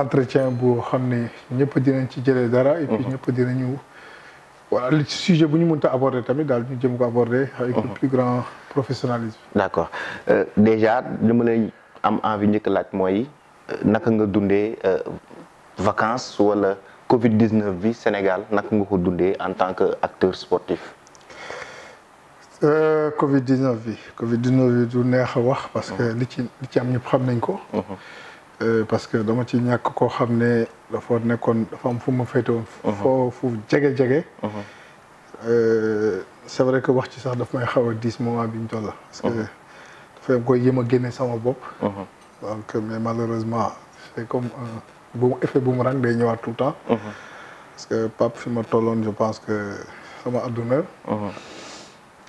entretien bu xam ne ñëpp dinañ ci jëlee dara. et puis mhm. ñëpp dinañu voilà le sujet bu ñu mënta aborder tamit daal ñu jëm ko aborder. avec le mhm. plus grand professionnalisme. D'accord. accord euh, déjà li ma lay am envie njëkk laaj mooy euh, naka nga dundee euh, vacances wala Covid 19 vie Sénégal naka nga ko dundé en tant que acteur sportif. Covid 19 vie, Covid 19 bi du neex a wax. parce que mhm. li ci li ci am ñëpp xam ko. Euh, parce que dama ci ne c'est vrai que wax ci sax de mois parce que je uh-huh. uh-huh. mais malheureusement c'est comme bon effet boomerang tout le temps. Uh-huh. parce que Pape je pense que ma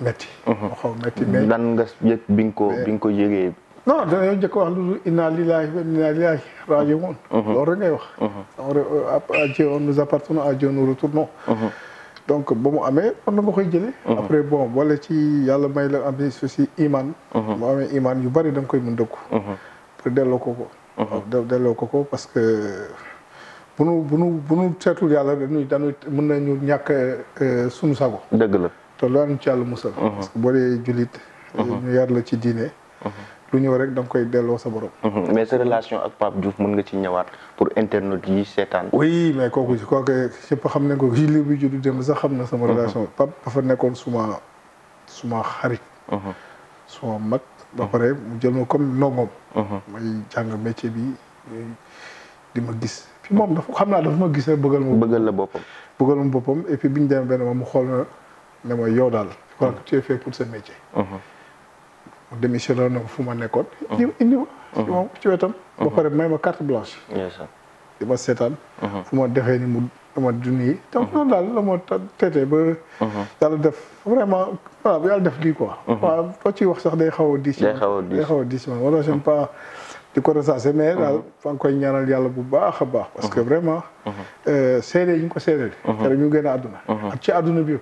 métti. mu mhm. xaw métti mais lan nga yëg bi nga ko bi nga ko yëgee. non dañoo njëkk wax lu inna lillahi wa inna ilayhi raji'un. Mhm. loolu rek ngay wax. Mhm. Euh, ba mu amee kon na nga koy jëlee. après bon wala ci yàlla may la am aussi iman. mu amee iman yu bari da koy mën dëkku. delloo ko ko. waaw delloo ko ko parce que bu nu bu nu bu nu seetul yàlla dañuy dañuy mën nañu ñàkk euh, suñu sago. dëgg la. te loolu ci yàlla musal. Uh-huh. parce que boo dee jullit. Uh-huh. ñu yar la ci diine. Uh-huh. lu ñëw rek da nga koy delloo sa borom. mais sa relation ak Pape Diouf mën nga ci ñëwaat pour internet yi seetaan. oui mais kooku kooku yëpp xam nañ ko li bi juddu dem sax xam na sama relation Pape dafa nekkoon suma suma xarit. suma mag. ba pare mu jël ma comme ndongoom. may jàng métier bi di ma gis. fi moom dafa xam naa dafa ma gis rek bëggal ma. bëggal la boppam. bëggal ma boppam et puis bi ñu demee benn moom mu xool na. ne ma yow daal je crois uh-huh. ma nekkoon. Uh-huh. indi uh-huh. indi ma. ci wetam. ba pare may ma carte blanche. di ma ma defee ni mu dama duni. donc loolu daal la ba. yàlla def vraiment waaw bu yàlla def lii quoi. wax sax day xaw a diis. day xaw a diis day xaw a diis man wala j'aime pas di ko recensé mais daal fa nga koy ñaanal yàlla bu baax a baax. parce que vraiment. Euh, seede yi ñu ko seedeel. keroog ñu génn àdduna. ak ci àdduna bi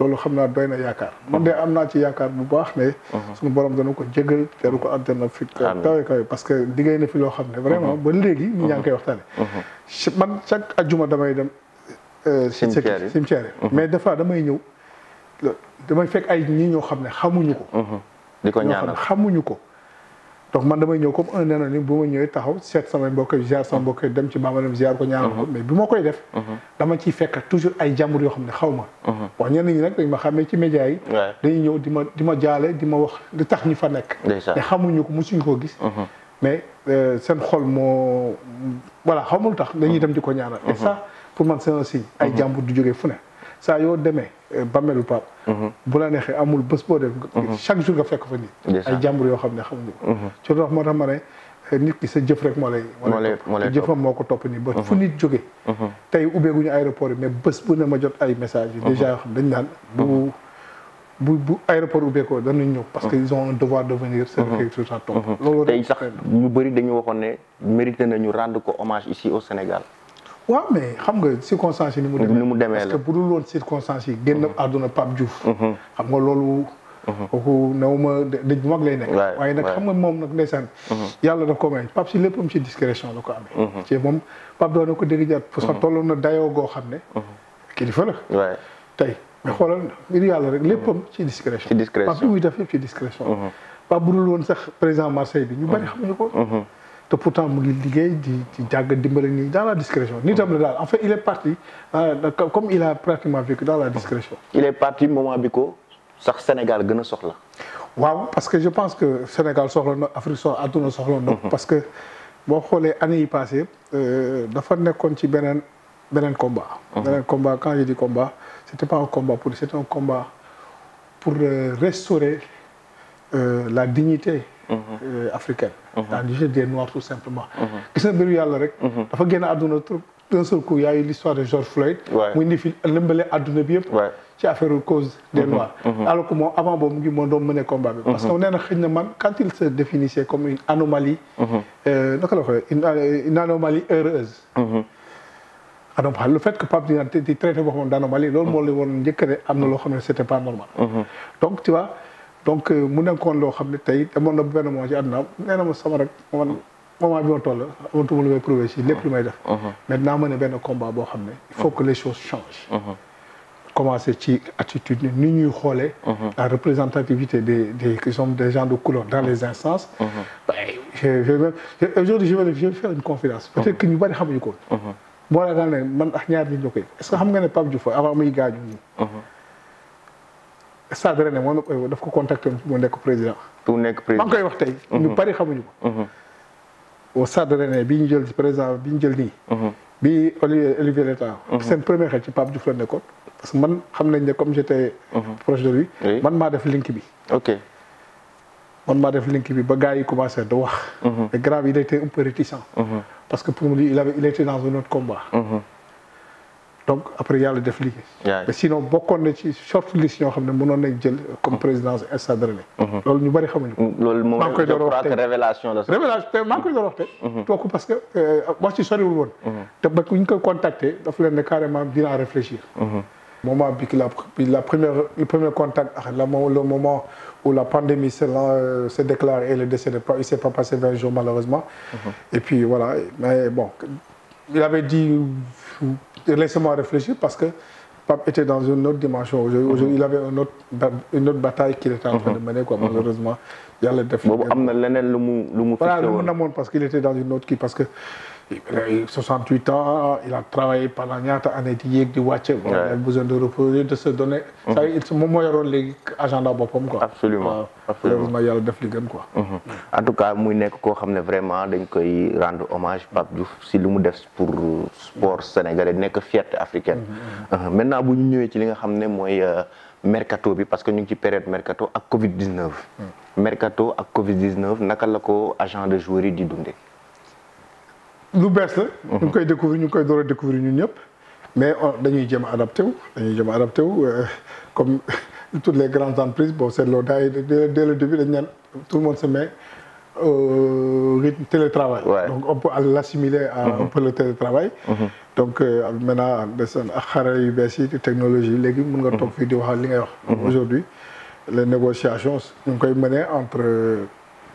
loolu xam naa doy na yaakaar man de am naa ci yaakaar bu baax ne uh-huh. suñu borom dana ko jégal te du ko àddina fi kawe kawe parce que liggéey na fi loo xam ne vraiment uh-huh. ba léegi nit ñaa ngi uh-huh. waxtaane man chaque ajjuma damay dem euh, cimetière yi cimetière yi mais des fois damay ñëw damay fekk ay ñi ñoo xam ne xamuñu ko di ko ñaanal xamuñu ko donc man damay ñëw comme un anonyme bu ma ñëwee taxaw seet sama mbokk ziar sama mbokk dem ci baamanam ziar ko ñaanal ko uh-huh. mais bi ma koy def uh-huh. dama ciy fekk toujours ay jàmbur yoo xam ne xaw ma uh-huh. waaw ñenn ñi nag dañ ma xàmmee ci média di ma di ma jaale di ma wax li tax ñu fa nekk mais xamuñu ko mosuñu ko gis mais euh, seen xol moo voilà xamul tax dañuy dem di ko ñaanal et ça pour man c'est un signe ay jàmbur du jógee fu ne Ça est demain pap bu la nexé amul bëss bo mhm. chaque jour nga fekk fa nit ay yo xamné xam nga mhm. ci ma eh, nit ki sa jëf rek mo lay lay ba fu mhm. nit mais il bu a ma jot message déjà xam dañ bu bu bu aéroport ko parce qu'ils ils ont un devoir de venir servir sur temps. tombe Ils sax ñu bari dañu mérité nañu rendre ko hommage ici au Sénégal waaw mais xam nga circonstances yi ni mu demee. ni mu demee parce que bu dul woon circonstances yi. génn mhm. àdduna Pape Diouf. Mhm. xam nga loolu. Mhm. kooku ma dëj bu mag lay nekk. waaye nag xam nga moom nag ndeysaan. yàlla daf ko may Pape si léppam ci discrétion la ko amee. ci moom Pape doon na ko dégg jàpp. parce que tolloon na dayoo goo xam ne. kilifa la. waay tey mais xoolal mbir yàlla rek léppam ci discrétion. ci discrétion Pape li muy def bu dul woon sax président Marseille bi ñu bari xamuñu ko. Tout pourtant il est parti dans la discrétion. en fait il est parti euh, comme il a pratiquement vécu dans la discrétion. il est parti moment sur le Sénégal soxla. waaw parce que je pense que le Sénégal l'Afrique na Afrique soxla mhm. parce que les années passées, il y a eu ci combat. un mhm. combat quand je dis combat ce n'était pas un combat pour lui, c'était un combat pour euh, restaurer euh, la dignité. Euh, mhm. africaine. Mhm. dans le jeu des noirs tout simplement. Qu'est-ce mhm. na mbiru yàlla rek. dafa génn àdduna trop d'un seul coup y a eu l'histoire de George Floyd. mu indi a lëmbale àdduna bi yëpp. ci affaire cause des noirs. alors que moom avant boobu mu ngi moo doon mené combat parce que nee na xëy na man quand il se définissait comme une anomalie. Euh, naka la waxee euh, une anomalie heureuse. alors ah, le fait que Pape di traité comme une anomalie loolu moo lay waroon njëkk pas normal. donc tu vois donc euh, mu nekkoon loo xam ne tey demoon na benn moment ci àdduna nee na ma sama rek man moment bi ma toll amatuma lu may prouvé si lépp lu may def. Uh-huh. maintenant ma ne combat boo xam il faut uh-huh. que les choses changent. Uh-huh. commencer ci attitude ni ñuy xoolee. la représentativité des des qui sont des gens de couleur dans les instances. je je aujourd'hui je vais je vais faire une conférence peut-être que ñu bari xamuñu ko. moo la daal ne man ak ñaar nit ñoo est-ce que xam nga ne Pape Diouf avant muy gaañu stade René moo nekk daf ko contacté mo nek président. mu nek président mang koy wax tay mhm. ñu bari xamuñu ko. au stade René bi ñu jël ci président bi ñu jël hmm bi Olivier Olivier Létard. Mhm. seen premier xé ci Pape Diouf la nekkoon. parce que man xam nañ ne comme j'étais mhm. proche de lui. man ma def link bi. ok man m'a def link bi ba gars yi commencé di wax. mais grave il était un peu réticent. parce que pour lui il avait il était dans un autre combat. -hmm donc après yàlla def liggéey. mais sinon bokkoon na ci short list yoo xam ne mënoon nañ jël comme mm-hmm. présidence Stade Rennais. Mm-hmm. loolu ñu bëri xamuñu ko. Mm, loolu moom je crois que révélation la. révélation te maa ngi koy doon wax te. Mm-hmm. parce que euh, wax ci soriwul woon. te ba ku ñu koy contacter daf leen ne carrément dinaa réfléchir. moment bi la la première le premier contact ak ah, le moment où la pandémie s'est euh, déclarée et le décès pas, il s'est pas passé 20 jours malheureusement. et puis voilà mais bon il avait dit. Laissez-moi réfléchir parce que Pape était dans une autre dimension. Aujourd'hui, il avait une autre, une autre bataille qu'il était en train de mener, quoi, mhm. malheureusement. Il y a le défi. parce qu'il était dans une autre qui. Parce que il 68 ans, il a travaillé pendant ñaata année di du di il a besoin de reposer de se donner. ça mhm. il se yoroon léegi agenda boppam quoi. absolument ah, absolument def mhm. en tout cas muy nekk vraiment dañ rendre hommage Pape Diouf si pour def pour sport sénégalais nekk fierté africaine. Mhm, maintenant bu ñu ñëwee ci li nga xam euh, mercato parce que ñu ngi ci période mercato à Covid 19. mercato à Covid 19 naka la ko agent de joueurs yi nous avons découvert, nous avons découvert découvrir ñu ngi découvrir ñun mais euh, dañuy avons adapté dañuy euh, comme toutes les grandes entreprises bon c'est daay dès le début tout le monde se met au euh, télétravail. donc on peut l'assimiler à un mhm. peu le télétravail. Mhm. donc maintenant deseen ak xarala yu bees yi technologie léegi mun nga toog mhm. di wax aujourd'hui les négociations nous avons koy entre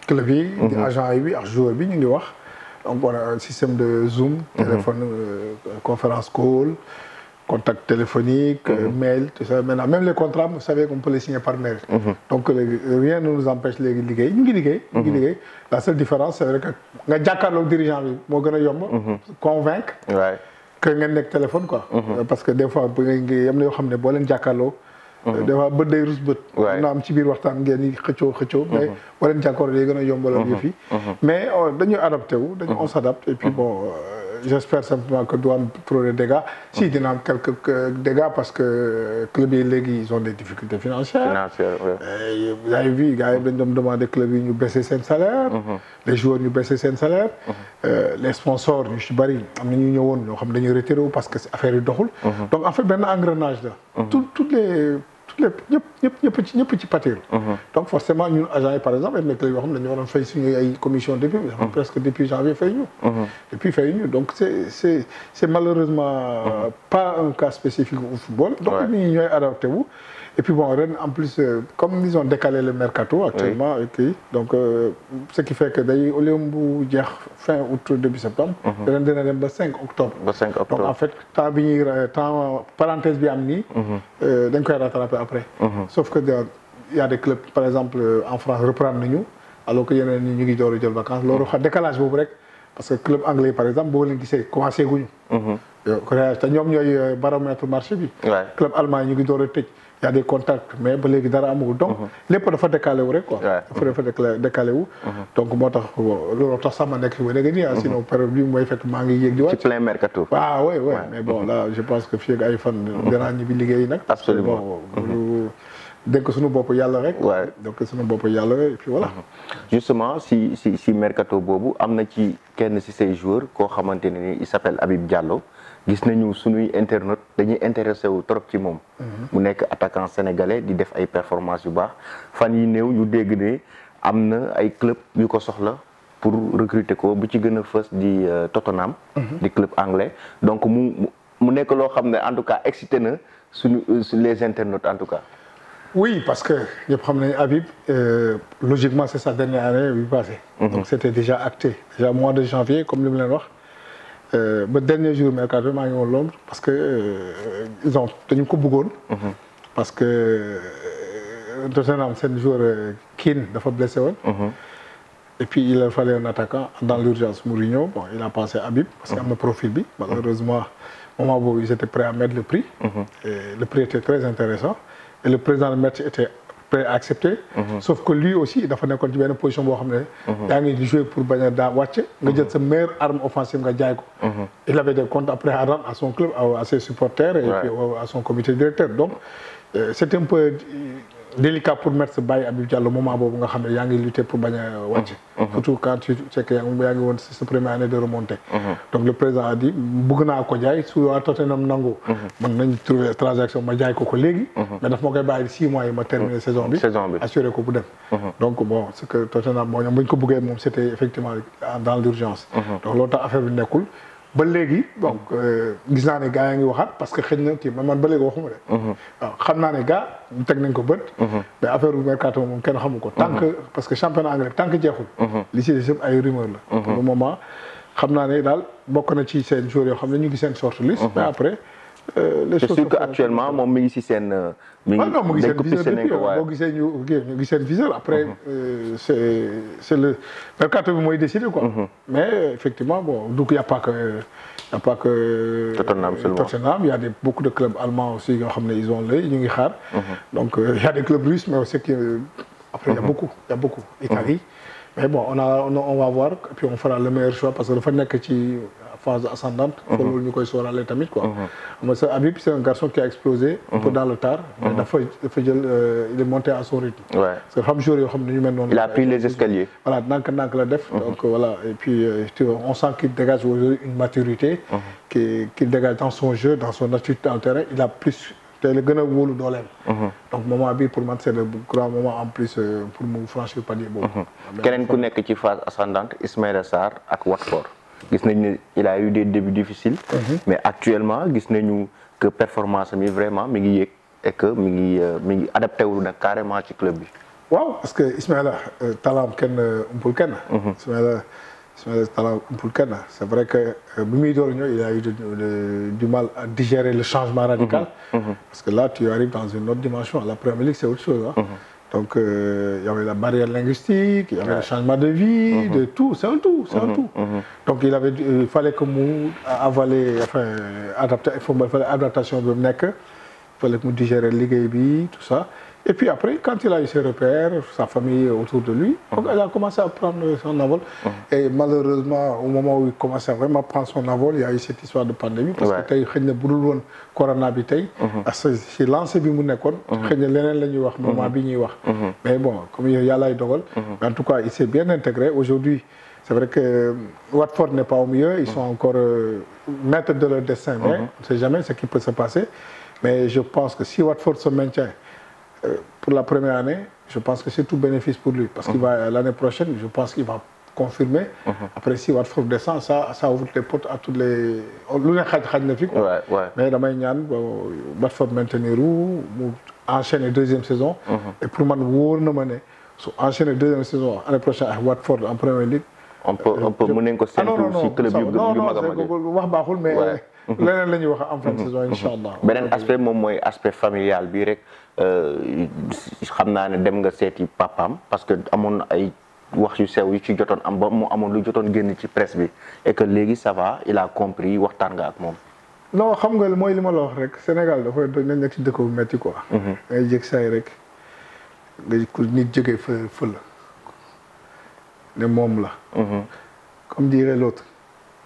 club yi. agent yi ak joueur bi ñu ngi donc, on a un système de Zoom, mhm. téléphone, euh, conférence call, contact téléphonique, mhm. euh, mail, tout ça. Maintenant, même les contrats, vous savez qu'on peut les signer par mail. Mhm. Donc, euh, rien ne nous empêche de les liguer. La seule différence, c'est que les dirigeants le dirigeant, nous avons convaincre que nous téléphone. Quoi. Parce que des fois, qui ont un téléphone. Uh-huh. dafa bët day rus bët na am ci biir waxtaan ngeen yi xëccoo xëccoo mais waleen uh-huh. jànkoor day gën a yombalal yëf yi uh-huh. mais oh, dañuy adapté wu dañu on s'adapte et puis bon euh, j'espère simplement que du am trop de dégâts si dina am quelques euh, dégâts parce que euh, club yi léegi ils ont des difficultés financières financières oui. vous avez vu gars yi dañ doon demander club yi ñu baisser seen salaires, les joueurs ñu baisser seen salaire les sponsors ñu ci bëri am na ñu ñëwoon ñoo xam dañuy retiré parce que affaire yi doxul donc en fait un engrenage là, toutes les il n'y a pas ci petit pâté uh-huh. donc forcément ñun agents par exemple nous avons fait une commission depuis uh-huh. presque depuis janvier fay uh-huh. depuis donc c'est c'est c'est malheureusement pas un cas spécifique au football donc nous a adapté vous et puis bon, en plus, euh, comme ils ont décalé le mercato actuellement, donc euh, ce qui fait que d'ailleurs, au lieu de fin août, début septembre, mm -hmm. Rennes le 5 octobre. Donc en fait, temps bi ñuy euh, temps parenthèse bi am nii. Mhm. dañ un peu après. Mhm. Sauf que il y a des clubs, par exemple, en France, reprennent nous, alors que y ñi ñu ngi door a des vacances. Leur mhm. décalage vous rek parce que club anglais par exemple boo leen gisee commencé guñu. te ñoom ñooy baromètre marché bi. club allemand ñu ngi door qui y a des contacts mais ba léegi dara amagul donc mhm. lépp dafa décalé wu rek quoi dafa dafa décalé wu mhm. donc moo tax looloo tax sax ma nekk ah, sinon mhm. période bi mooy fekk maa ngi yéeg di wàcc ci plein mercato waaw ah, oui mais bon là je pense que fii ak ay fan dinaa ñibbi liggéey nag absolument dénk suñu bopp yàlla rek donc suñu bopp yàlla et puis voilà justement si si si mercato boobu am na ci kenn si say joueurs koo xamante ni il s'appelle Habib Diallo gis nañu suñuy internautes dañuy intéressé wu trop ci mom mu nek attaquant sénégalais di def ay performances yu bax fan yi new yu dégg né amna ay club yu ko soxla pour recruter ko bu ci gëna a di euh, Tottenham. Mhm. di club anglais donc mu mu nek lo xamné en tout cas excité na suñu euh, les internautes en tout cas. Oui, parce que ñëpp xam Habib, euh, logiquement c'est sa dernière année bi passée. Mhm. donc c'était déjà acté déjà mois de janvier comme li mu leen wax. Le euh, dernier jour mercato y a ils Londres parce que euh, ils ont tenu ko Bougon mhm. parce que un jour qui a dafa blessé mhm. et puis il leur fallait un attaquant dans l'urgence Mourinho bon il a passé Habib. parce qu'il mhm. a un profil bi malheureusement moment où ils étaient prêts à mettre le prix. le prix était très intéressant et le président de match était peut accepter. Mhm. sauf que lui aussi il a ci une position de xam ne. Il mhm. ngi jouer pour bañ a daa wàcce. nga sa meilleure arme offensive nga jaay mhm. il avait des comptes après à rendre à son club à ses supporters. et euh, à son comité directeur donc euh, c'est un peu. délicat pour mettre sa bàyyi Habib Diallo moment boobu nga xam yaa ngi lutter pour bañ a wàcc. Mm-hmm. Mm-hmm. surtout quand tu yaa ngi woon si année de remontée. Mm-hmm. donc le président a dit bëgg naa ko jaay su waa Tottenham nangu. mën nañ transaction ma jaay ko ko léegi. mais daf ma koy bàyyi six mois yi ma terminer saison bi. saison bi assuré ko bu dem. donc bon ce que Tottenham moo ñoom bu ko bëggee moom c' effectivement dans l' donc loolu tax ba léegi donc euh, gis naa ne gars yaa ngi waxaat parce que xëy na kii man man ba léegi waxuma de. Mhm. waaw xam naa ne gars teg nañ ko bët. Mhm. mais affaire bu mercato moom kenn xamu ko. tant que mhm. parce que championnat anglais tant que jeexul. li ci des yëpp ay rumeur la. pour le moment xam naa ne daal bokk na ci seen joueurs yoo xam ne ñu ngi seen sorte liste mais après. Euh, les choses sûr qu'actuellement mon mi ngi euh, ah non mon ngi seen viseur après. Mhm. Euh, c'est le mercato il mooy décidé quoi. Mhm. mais effectivement bon donc y' a pas que il y' a pas que. Tottenham Tottenham. il y' a des beaucoup de clubs allemands aussi qui ils ont lay ñu ngi xaar. Mhm. donc y' a des clubs russes mais aussi qu'après il y' a beaucoup il y' a beaucoup Italie. mais bon on a on va voir et puis on fera le meilleur choix parce que fait que tu phase ascendante. pour faut que koy sóoraale tamit quoi. Uh-huh. mais Habib c'est un garçon qui a explosé. un peu uh-huh. dans le tard. mais uh-huh. euh, il est monté à son rythme. Ouais. parce que il a pris les escaliers. voilà donc la donc voilà et puis euh, on sent qu'il dégage aujourd'hui une maturité. qu'il dégage dans son jeu dans son attitude dans le terrain il a plus. C'est le gën a wóolu donc moment moi, pour c'est le grand moment en plus euh, pour me franchir palier boobu. keneen ku nekk ci phase ascendante Ismaël Assar et Watford gis il a eu des débuts difficiles. Mhm. mais actuellement gis nañu que performance mi vraiment mi ngi et que mi ngi euh, mi ngi adapté carrément ci club bi. parce que Ismaël euh, talent ken euh, umpul mhm. Ismaïla Ismaïla talent umpul kenn C'est c'est vrai que bi mi door il a eu du mal à digérer le changement radical. Mhm. parce que là tu arrives dans une autre dimension la première ligue c'est autre chose hein. Donc, euh, il y avait la barrière linguistique, il y avait le changement de vie, mhm. de tout, c'est un tout, c'est un mhm. tout. Mhm. Donc, il, fallait que nous avaler, enfin, adapter, il fallait l'adaptation de il fallait que nous digérer l'IGB, tout ça. Et puis après, quand il a eu ses repères, sa famille autour de lui, il ah. a commencé à prendre son envol. Ah. Et malheureusement, au moment où il commençait à vraiment prendre son envol, il y a eu cette histoire de pandémie. Parce que tu as eu le corona bi Il s'est uh-huh. lancé bi mu nekkoon. Uh-huh. xëy des de wax uh-huh. moment bi ñuy mais bon comme yow yàllaay dogal. en tout cas il s'est bien intégré aujourd'hui c'est vrai que euh, Watford n'est pas au mieux ils sont encore euh, maîtres de leur destin. mais on ne sait jamais ce qui peut se passer mais je pense que si Watford se maintient. Euh, pour la première année, je pense que c'est tout bénéfice pour lui. Parce qu'il uh-huh. va que l'année prochaine, je pense qu'il va confirmer. Uh-huh. Après, si Watford descend, ça, ouvre les portes à tous les. Ouais, ouais. Mais la Maïnian, Watford maintenir ou enchaîner deuxième saison. Mm -hmm. Et pour moi, nous enchaîner deuxième saison, l'année prochaine Watford en première ligue. On peut, euh, on peut mener un ah non, le club mais. Mhm. leneen la ñuy wax en fin de saison mhm. incha allah. Mhm. beneen aspect moom mooy aspect familial bi rek euh, xam naa ne dem nga seeti papaam parce que amoon ay wax yu sew yu ci jotoon am ba mu amoon lu jotoon génn ci presse bi et que léegi ça va il a compris waxtaan nga ak moom. non xam nga mooy li ma la wax rek Sénégal dafa dañ nekk ci dëkk bu métti quoi. ngay jég say rek nga nit jógee fa fa la ne moom la. comme dirait l'autre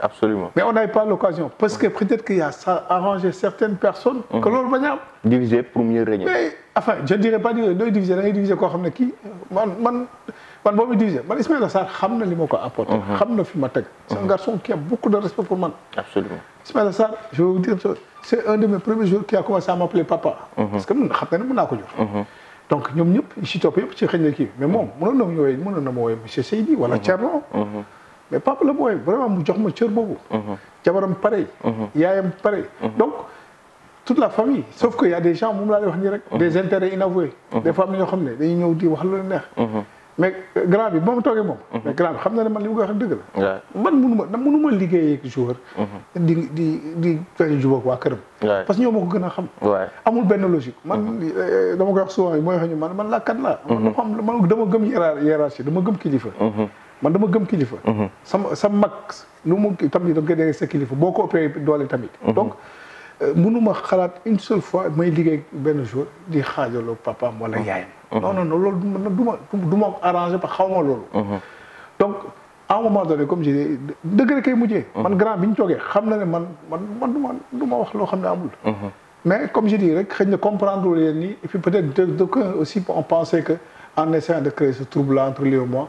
Absolument. Mais on n'avait pas l'occasion. Parce que peut-être qu'il y a arrangé certaines personnes mhm. que l'on Diviser pour mieux régner. Mais, enfin, je ne dirais pas diviser, on diviser quoi, on qui Man, man, man, bon, diviser. Man, Ismaël Assar, je sais ce apporté. Je mhm. sais C'est un mhm. garçon qui a beaucoup de respect pour moi. Absolument. Ismaël Assar, je vais vous dire C'est un de mes premiers jours qui a commencé à m'appeler papa. Parce que je ne sais pas si Donc, nous, nous, je suis top, je suis Mais moi, je ne sais pas si je suis Seydi ou Tcherno. mais papa la booy vraiment mu jox ma cër boobu. Mhm. jabaram pareil. Mhm. yaayam pareil. Mhm. donc toute la famille sauf que y a des gens moom laa wax nii rek. des intérêts inavoués. des fois am ne dañuy ñëw di wax lu leen neex. mais euh, grand bi ba mu toogee moom. mais grand bi xam na ne man li ma koy wax dëgg la. man mënuma man mënuma liggéeyee ak joueur. di di di di jubóog waa këram. parce que ñoo ma a xam. amul logique. man euh, dama koy wax souvent mooy wax ñu man dama gëm kilifa. Mhm. sa sa mag nu mu tamit da nga koy sa kilifa boo ko ëppee doole tamit. Mhm. donc euh, mënuma xalaat une seule fois may liggéey benn jour di xaajaloo papaam wala mhm. yaayam. non non non loolu du ma du ma arrangé parce que xaw ma loolu. donc à un moment donné comme je dis dëgg la kay mujjee. man grand bi ñu toogee xam na ne man man man du ma du ma wax loo xam ne amul. mais comme je dis rek xëy na comprendre leen ni et puis peut-être de d'aucuns aussi on pensait que en essayant de créer ce trouble là entre lui et moi.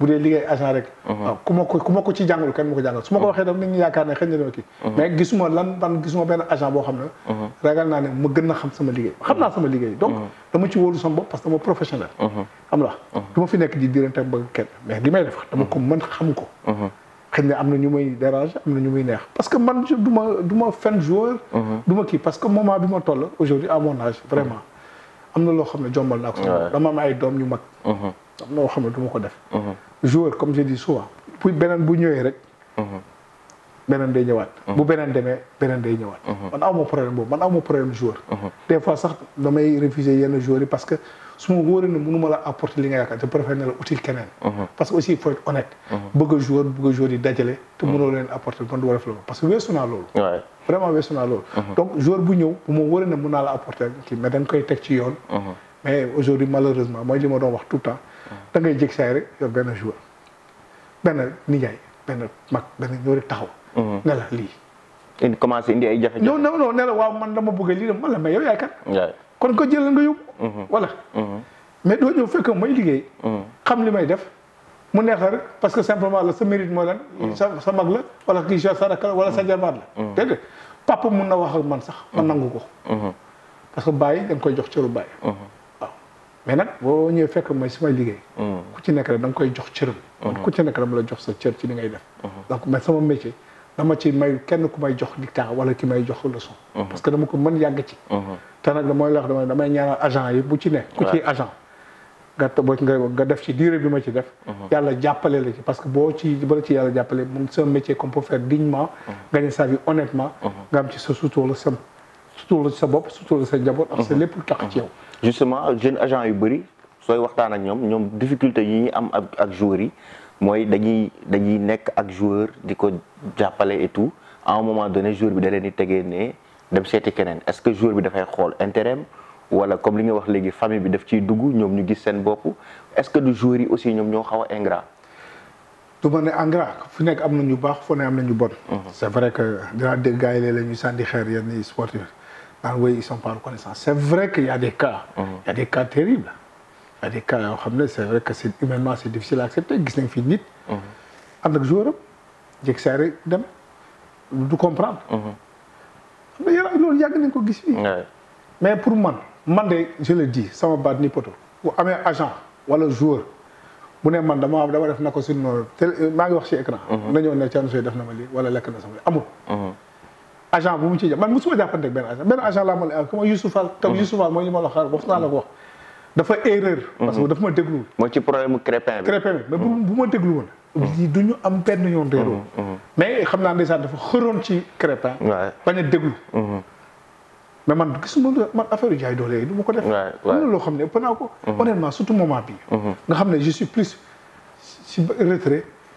bu dee liggéey agent rek uh-huh. waaw ku ma ko ku ma ko ci jàngal kenn ma ko jàngal su ma ko uh-huh. waxee daf nit ñi yaakaar ne xëy na dama kii uh-huh. mais gisuma lan ban gisuma benn agent boo xam ne naa ne ma gën a xam sama liggéey xam naa sama liggéey donc dama ci wóolu sama bopp parce que dama professionnel am la du ma fi nekk di dirante ba kenn mais li may def dama ko mën xam ko xëy na am na ñu may déranger am na ñu muy neex parce que man du ma du ma fen joueur ma kii parce que moment bi ma toll aujourd'hui à mon âge am na loo xam ne jombal naa ko dama am ay doom ñu mag am na loo xam ne du ma ko def. Uh-huh. joueur comme bu beneen bu rek. la uh-huh. uh-huh. a joueur bëgg a joueur yi dajale. te mënoo leen loolu parce que weesu naa loolu. donc joueur bu ñëw bu ma wóoree ne naa la apporter kii mais koy teg ci yoon. mais aujourd'hui malheureusement mooy li ma doon wax tout temps. da ngay jég saay rek yor benn joueur benn nijaay benn mag benn ñoo rek taxaw. Mhm. ne lii. indi commencé indi ay jafe-jafe. non ne la waaw man dama bëgg lii de man la mais yow yaay kan. kon ko jëlal nga yóbbu. Mhm. voilà. Mhm. mais doo ñëw fekk may liggéey. xam li may def. mu neex rek parce que simplement la sa mérite mooy sa sa mag la wala kii sa wala sa jamaat la. dégg nga papa mun na wax man sax. ma nangu ko. parce que bàyyi da koy jox cëru bàyyi. mais nag boo ñëwee fekk mooy sumay may liggéey. Hmm. ku ci nekk rek da nga koy jox cëram. Hmm. ku ci nekk dama la jox sa cër ci li ngay def. Hmm. donc ma sama métier dama ci may kenn ku may jox dictat wala ki may jox leçon. parce que dama ko mën yàgg ci. te nag mooy la dama damay ñaanal agent yi bu ci ne. ku ci agent. nga boo nga def ci durée bi ma ci def. yàlla jàppale la ci parce que boo ci ba ci yàlla jàppale moom c'est un métier qu'on peut dignement. gagner sa vie honnêtement. nga am ci sa sutura sa sutura sa bopp sutura sa njaboot. ak sa lépp tax ci yow. justement jeune agent yu bëri soy waxtaan ak ñom ñoom difficulté yi ñi am ak ak joueurs yi moy dañuy dañuy nek ak joueur diko jappalé et tout à un moment donné joueur bi da leen di tegee ne dem séti kenen est-ce que joueur bi da fay xol intérêt wala comme li nga wax légui famille bi daf ciy dugg ñom ñu gis sen bopp est-ce que du joueur yi aussi ñom ño xawa ingrat du ma ingrat fu nek am nañu bax fu ne am nañu ñu bon mhm. c'est vrai que dinaa dégg gaay yi léeg-léeg ñu sànni xeer yenn sportif ah oui, ils ne sont pas reconnaissants. C'est vrai qu'il y a des cas, il y a des cas terribles. Il y a des cas, euh, c'est vrai que c'est, humainement c'est difficile à accepter. Gis nañ fi nit. ànd ak joueur am jéeg saa rek dem du comprendre. mais yàlla loolu yàgg nañ ko gis fii. mais pour moi, man de je le dis sama baat ni poto Ou amee agent wala joueur bu ne man dama dama def na ko si noonu maa ngi wax si écran. na ñëw ne Thierno Seye def na ma lii wala lekk na sama lii amul. agent bu mu ci jàpp man mosuma jàppanteeg benn agent benn agent laa mhm. ma la comme Youssouf Al tam mooy dafa erreur mhm. parce dafa ma déglu moo ci problème crépin bi crépin bi mais bu mhm. ma déglu du ñu am benn yoon mais xam naa ndeysaan dafa xëroon ci crépin bañ a déglu mais man gisuma man affaire yu jaay doole yi du ma ko def am na loo xam ne ëpp naa ko honnêtement surtout moment bi nga xam ne je suis plus si re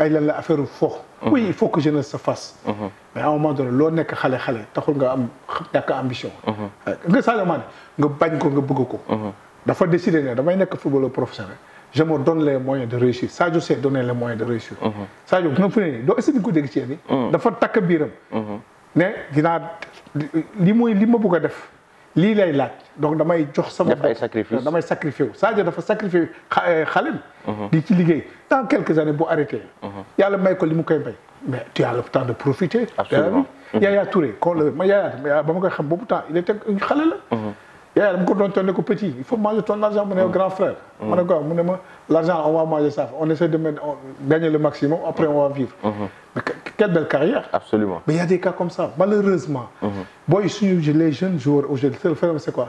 ay ah, lan la affaire fox mhm. oui il faut que jeunesse se fasse. Mhm. mais à un moment donné lo nek xalé xalé taxul nga am ñàkk ambition. Mhm. Euh, nga Sadio nga bañ ko nga bëgg ko. dafa décider né damay nek footballeur professionnel je me donne les moyens de réussir je sais donner les moyens de réussir. ça je nga ne nii doo est-ce que ko dégg ci yéen dafa tak biiram. ne dinaa li moy li ma bëgg def li lay laaj donc damay jox sama. def sacrifice damay sacrifié wu Sadio dafa sacrifié xalem. Euh, mhm. di ci liggéey dans quelques années bu arrêté. Mhm. yalla may ko li mu koy may. mais tu as le temps de profiter. absolument mhm. Yaya Touré koo la ma Yaya ba ma koy xam boobu temps il était khalé la. Yaya dama ko doon tonne ko petit il faut manger ton argent mon grand frère. ma ko ma l'argent on va manger ça on essaie de gagner le maximum après on va vivre. mais quelle belle carrière. absolument mais il y a des cas comme ça malheureusement. je suis les jeunes joueurs je le faire c'est quoi.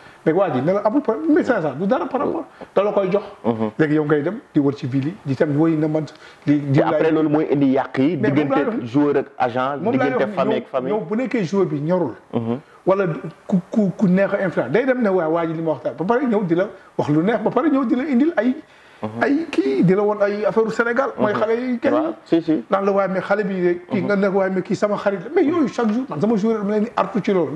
mais waa ji ne la amul problème mille cinq dara par rapport mm. da la koy jox mm-hmm. léegi yow ngay dem di wër ci ville yi di tam woy na man li après loolu mooy indi yàq yi diggante joueur ak agent diggante famille ak famille yow bu nekkee jour bi ñorul mm-hmm. wala ku ku ku neex a day dem ne waa waa ji li ma waxtaan ba pare ñëw di la wax lu neex ba pare ñëw di la indil ay mm-hmm. ay kii di la woon ay affaire Sénégal mooy xale yi kay si si naan la waaye mais xale bi kii nga nekk waaye mais kii sama xarit la mais yooyu chaque jour man sama joueur ma leen di artu ci loolu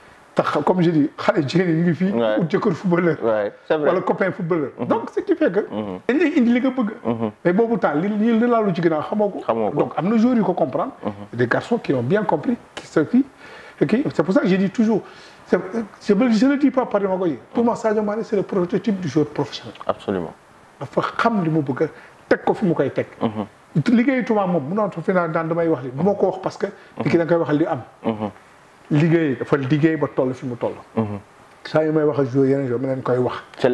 comme je dis xale jigéen ñi ngi fii. ou ut jëkkër footballeur. waay c'est wala copain footballeur. Mhm. donc ce qui fait que. ils mhm. lay indi li nga bëgg. Mhm. mais pourtant, temps li li li laalu ci ginnaaw xamoo donc am na joueurs yu ko comprendre. des garçons qui ont bien compris qui se fient. qui c'est pour ça que je dis toujours c'est je ne dis pas par les koy. pour moi Sadio Mané c'est le prototype du joueur professionnel. absolument dafa xam li mu bëgg a teg ko fi mu koy teg. liggéeyu tubaab moom c'est fi naan daan damay wax li bu wax parce que. li ki da nga koy li am. C'est dafa ba toll fi mu toll. ça mhm. yu may wax ak yeneen koy wax. c'est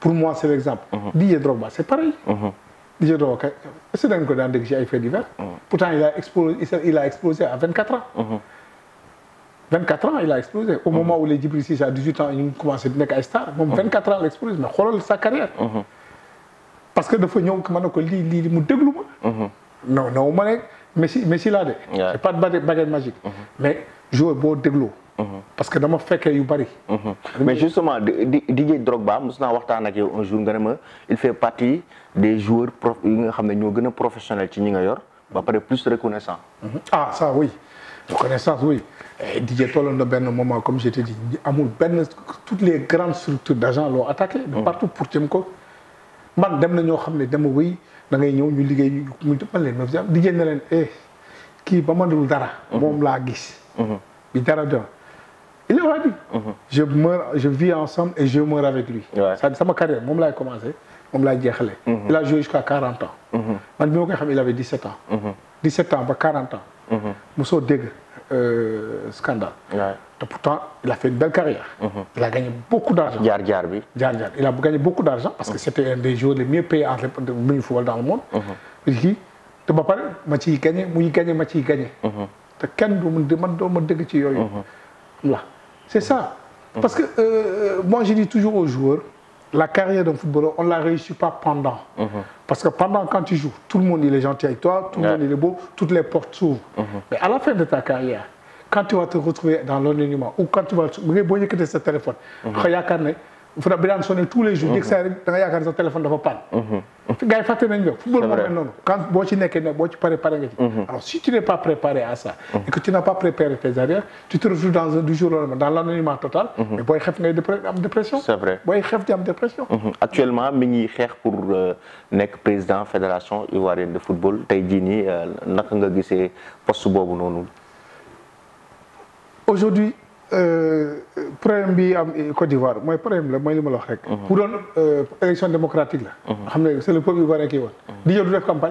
pour moi c'est l'exemple. l' mhm. Drogba c'est pareil. Mhm. DJ Drogba c'est est ce que da ko daan ci ay fait divers. pourtant il a explosé il a explosé à 24 ans. 24 ans il a explosé. au moment où les Djibril Cissé à 18 ans ont commencé di nekk ay star moom 24 ans il a explosé mais xoolal sa carrière. parce que dafa ñëw mën na ko lii lii mu déglu ma. non non Mais ne Messi Messi laa de. c' pas de baguette magique mais joueur de glo mhm. parce que dama y yu bari. Mhm. mais justement Didier Drogba nous on waxtaan ak yow un jour nga ne il fait partie des joueurs prof yi nga xam ne ailleurs, va a professionnel ci ñi yor ba plus reconnaissant. Mhm. ah ça oui reconnaissance oui eh, Didier Tolon na Ben moment comme je te dis amul ben toutes les grandes structures d'argent l'ont attaqué. de partout pour jëm ko man dem na ñoo xam ne dama wéy da ngay ñëw ñu liggéey ñu man leen ma Didier ne eh qui ba ma dul dara. mom la gis. Mhm. Il Il a dit, mhm. je, meurs, je vis ensemble et je meurs avec lui. C'est ma carrière, moi, j'ai commencé. Mhm. Il a joué jusqu'à 40 ans. il avait 17 ans. 17 ans, 40 ans. Mousso Deg, euh, scandale. pourtant, il a fait une belle carrière. Il a gagné beaucoup d'argent. Il a gagné beaucoup d'argent parce que c'était un des joueurs les mieux payés en football dans le monde. Il dit, tu il parlé, gagné, Mouy machi gagné. Mhm. là c'est ça. Mhm. parce que euh, euh, moi je dis toujours aux joueurs la carrière d'un footballeur on ne la réussit pas pendant. Mhm. parce que pendant quand tu joues tout le monde est gentil avec toi. tout le monde est beau toutes les portes s'ouvrent. mais à la fin de ta carrière quand tu vas te retrouver dans l'anonymat ou quand tu vas ce téléphone faut bi daan sonner tous les jours. que ça ça da nga yaakaar téléphone dafa panne. Mhm. gars yi fàtte nañ la football moo mel quand tu ci nekkee ne boo ci mhm. alors si tu n'es pas préparé à ça. Mhm. et que tu n'as pas préparé tes arrières tu te retrouves dans un du jour au lendemain dans l'anonymat total. mais booy xeef ngay dépression. c'est vrai booy xeef di am dépression. actuellement mi ngi pour euh, nekk président fédération ivoirienne de football tey jii nii euh, nga gisee poste aujourd'hui Euh, problème bi am Côte d'Ivoire mooy problème la mooy li ma la wax rek. bu mhm. doon euh, élection démocratique la. Mhm. xam ne c'est le peuple ivoirien kii woon. Mhm. di yow du def campagne.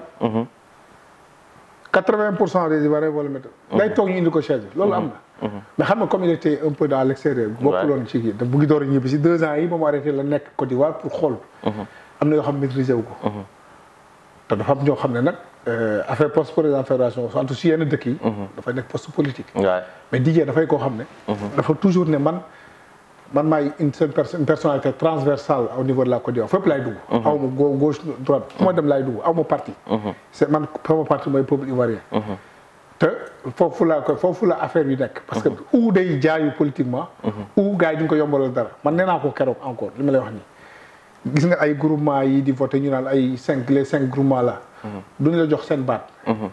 80 pour cent des Ivoiriens vont le toog ñu indi ko chaise loolu am na. mais xam nga comme il un peu dans l'extérieur. waaw bokkuloon ci kii te bu ngi a la nekk Côte d'Ivoire pour xool. am na yoo xam maîtriser ko. dafa ñoo xam ne nag. Euh, affaire poste président fédération surtout si yenn dëkk yi. Mhm. fay nek poste politique. mais Didier fay ko xamné mhm. da fa toujours né man man may une seule personne une personnalité transversale au niveau de la Côte d'Ivoire fépp lay dugg. Mhm. aw ma gauche droite mo dem lay dugg aw ma parti. c'est man sama parti moy peuple ivoirien. te fofu la ko foofu la affaire yu nek parce que ou day jaayu politiquement. ou gaay yi duñ ko yombalal dara man néna ko keroog encore li lay wax nii. gis nga ay groupement yi di voté ñu naan ay cinq les cinq groupement la mhm. duñu la jox seen baat mhm.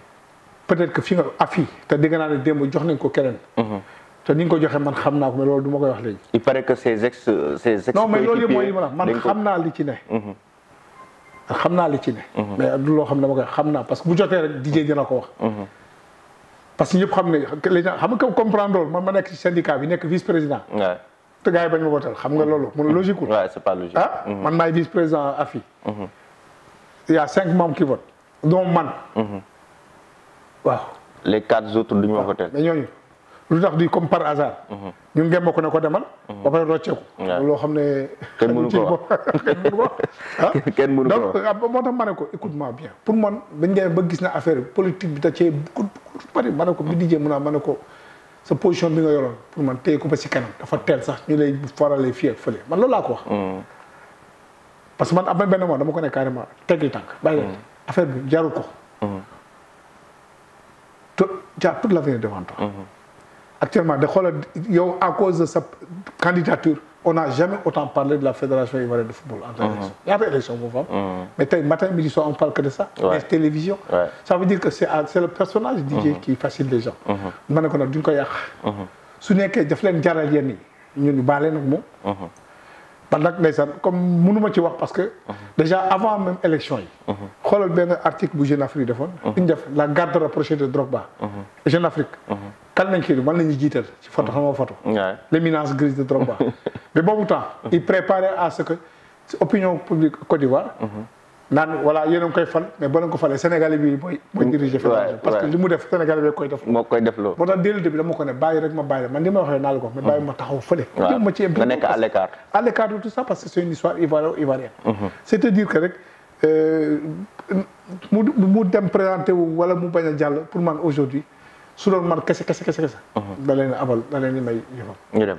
peut-être que fi nga afi ah, te dégg naa ne démb jox nañ ko keneen mhm. te ni nga ko joxee man xam naa ma koy wax léegi il paraît que ces ex ces ex non mais loolu yëpp mooy li ci ne xam naa li ci ne mais du loo xam ne dama koy xam naa parce que bu jotee rek DJ dina ko wax parce que ñëpp xam ne xam nga comprendre man ma nekk ci syndicat bi nekk vice président te gars yi bañ ma wotal xam nga loolu. mun logique wul waaw c'est pas logique. ah mm-hmm. man maay vice président AFI. Mm-hmm. il y a cinq membres qui votent. dont man. Mm-hmm. waaw. les quatre autres duñu ma voté. mais ñooñu lu tax di comme par hasard. ñu ngeen ma ko ne ko demal. ba pare rocceeku. waaw loo xam ne. kenn mënu ko wax kenn mënu ko wax. Ah. kenn mënu ko donc ah, moo tax ma ko écoute moi bien pour man dañ demee ba gis na affaire politique bi da cee beaucoup beaucoup bari ma ne ko bi di jéem a ma ko. sa position bi nga yoroon pour man téye ko ba si kanam dafa teel sax ñu lay faralee fii fële man loolu laa ko wax. Mm. parce que man ab benn mois dama ko ne carrément teggi tànk bàyyi mm. affaire bi jarul ko. Mm. te jaar tout l'avenir devant toi. Mm-hmm. actuellement da xoolal yow à cause de sa candidature. on n'a jamais autant parlé de la Fédération Ivoirienne de football. En mm -hmm. Il y avait élection, mon femme. Mm -hmm. Mais matin, midi, soir, on parle que de ça. Ouais. la télévision. Ça veut dire que c'est le personnage DJ mhm. qui fascine les gens. Nous avons dit que nous avons dit que nous avons dit nous avons man nag ndeysaan comme mënuma ci wax parce que mhm. déjà avant même l'élection, yi mhm. xoolal benn article bu Jeune Afrique defoon ñu def la garde rapprochée de Drogba Jeune Afrique kan lañ xiir man la ñuy jiital ci photo xam nga photo l'éminence grise de Drogba mais boobu temps il préparait à ce que opinion publique Côte d'Ivoire mhm. naan voilà yéen a ngi koy fal mais ba leen ko falee Sénégalais bi mooy mooy mm, diriger parce que li def Sénégalais bi koy def moo koy def loolu moo tax dès le début dama ko ne bàyyi rek ma bàyyi rek man li ma waxee naa la ko mais bàyyi mm. ma taxaw fële jëm ma ci nga à l'écart à l'écart de tout ça parce que c'est une histoire ivoirienne mm-hmm. c'est-à-dire que rek euh, mu mu dem présenter wu wala mu bañ a pour man aujourd'hui su doon man kese kese kese kese. Uh-huh. da leen abal da leen may euh,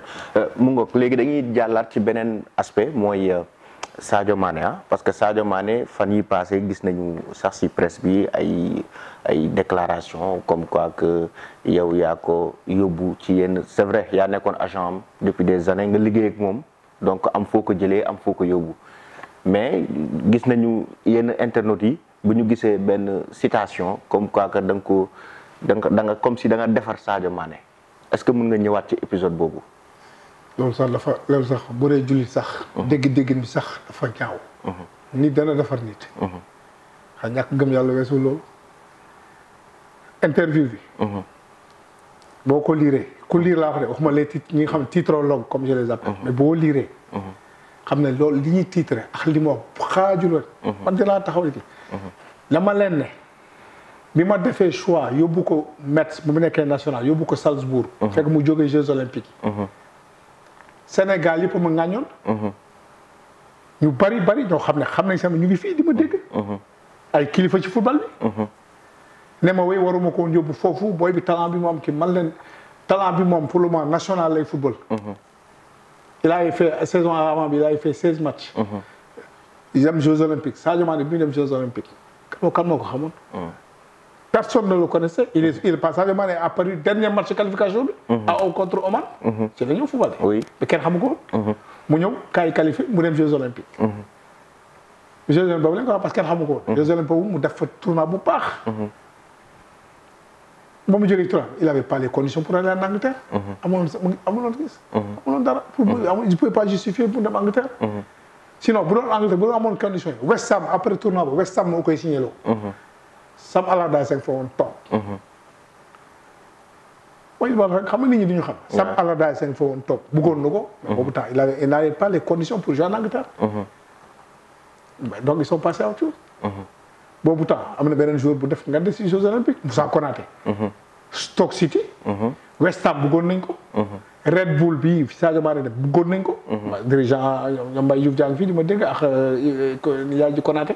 mu ngoog léegi dañuy jàllaat ci beneen aspect mooy euh, Sadio Mané ah parce que Sadio maane fan yi passé gis nañu sax ci presse bi ay ay déclaration comme quoi que yow yaa ko yóbbu ci yenn c'est vrai yaa nekkoon agent am depuis des années nga liggéey ak moom donc am foo ko jëlee am foo ko yóbbu mais gis nañu yenn internautes yi bu ñu gisee benn situation comme quoi que da ko. da nga da nga comme si da nga defar Sadio Mané est-ce que mun nga ñëwaat ci épisode boobu. loolu sax dafa loolu sax bu dee jullit sax. Mhm. dégg-déggin bi sax dafa ñaaw. Mhm. nit dana defar nit. Mhm. xa ñàkk yàlla weesu bi. boo ko liiree ku liir laa wax de waxuma les xam titrologue comme je les appelle. mais boo liiree. xam ne loolu li ñuy titre ak li ma xaajul woon. man dinaa taxaw la ma leen ne. je fait le choix je ko national beaucoup Salzbourg. je mhm. mu aux Jeux olympiques. Mhm. Sénégal Sénégalais ma ŋàññoon. Mhm. ñu bari bari ne sama ñu dégg. football talent pour le national football. il a fait saison avant il a fait matchs. Jeux olympiques Jeux olympiques personne ne le connaissait. Il est, il est Sadio Mané est apparu dernier match qualification mhm. à au contre Oman. Mhm. c'est le ñëw football. oui mais kenn xamu ko. Mhm. mu ñëw kaay qualifié mu dem Jeux Olympiques. Jeux Olympiques boobu lañ ko pas parce que a beaucoup. ko. Olympiques boobu mu def fa tournoi bu baax. ba mu il avait pas les conditions pour aller en Angleterre. amuloon sa amuloon gis. dara pour il pouvait pas justifier pour en Angleterre. sinon bu doon Angleterre bu a amoon condition West Ham après tournoi West Ham moo koy signalé. Sam Allardyce rek fa woon toog. Mhm. mooy xam nga nit ñi du ñu xam. Sam Allardyce rek fa won top bëggoon na ko. mais mhm. boobu il avait il n'avait pas les conditions pour jouer en Angleterre. Mhm. mais donc ils sont passés à autre bobu ta amna benen joueur bu def nga def Jeux Olympiques Moussa Konaté. Stoke City. West Ham bëggoon nañ ko. Red Bull bi Sadio Mané def bëggoon nañ ko. dirigeant ñoom Mbaye Diouf jaa fi fii di ma dégg ak euh, euh, yaa ji Konaté.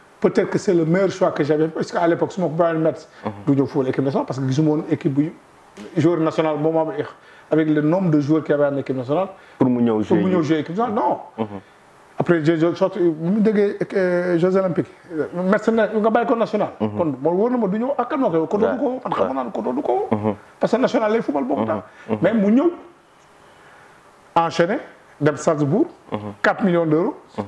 peut-être que c'est le meilleur choix que j'avais parce qu'à l'époque je Bayern Metz mhm. du ñëw foofu l'équipe nationale parce que mon équipe joueur national avec le nombre de joueurs qu'il y avait en équipe nationale pour Mounio jouer pour équipe nationale non mhm. après je sorti mu déggee euh, Jeux olympiques Metz na pas national mhm. kon moo wóor na ma à ñëw quand ah, on ko quand on quand on ko parce que national le football boobu mais Mounio enchaîné de Salzbourg 4 millions d'euros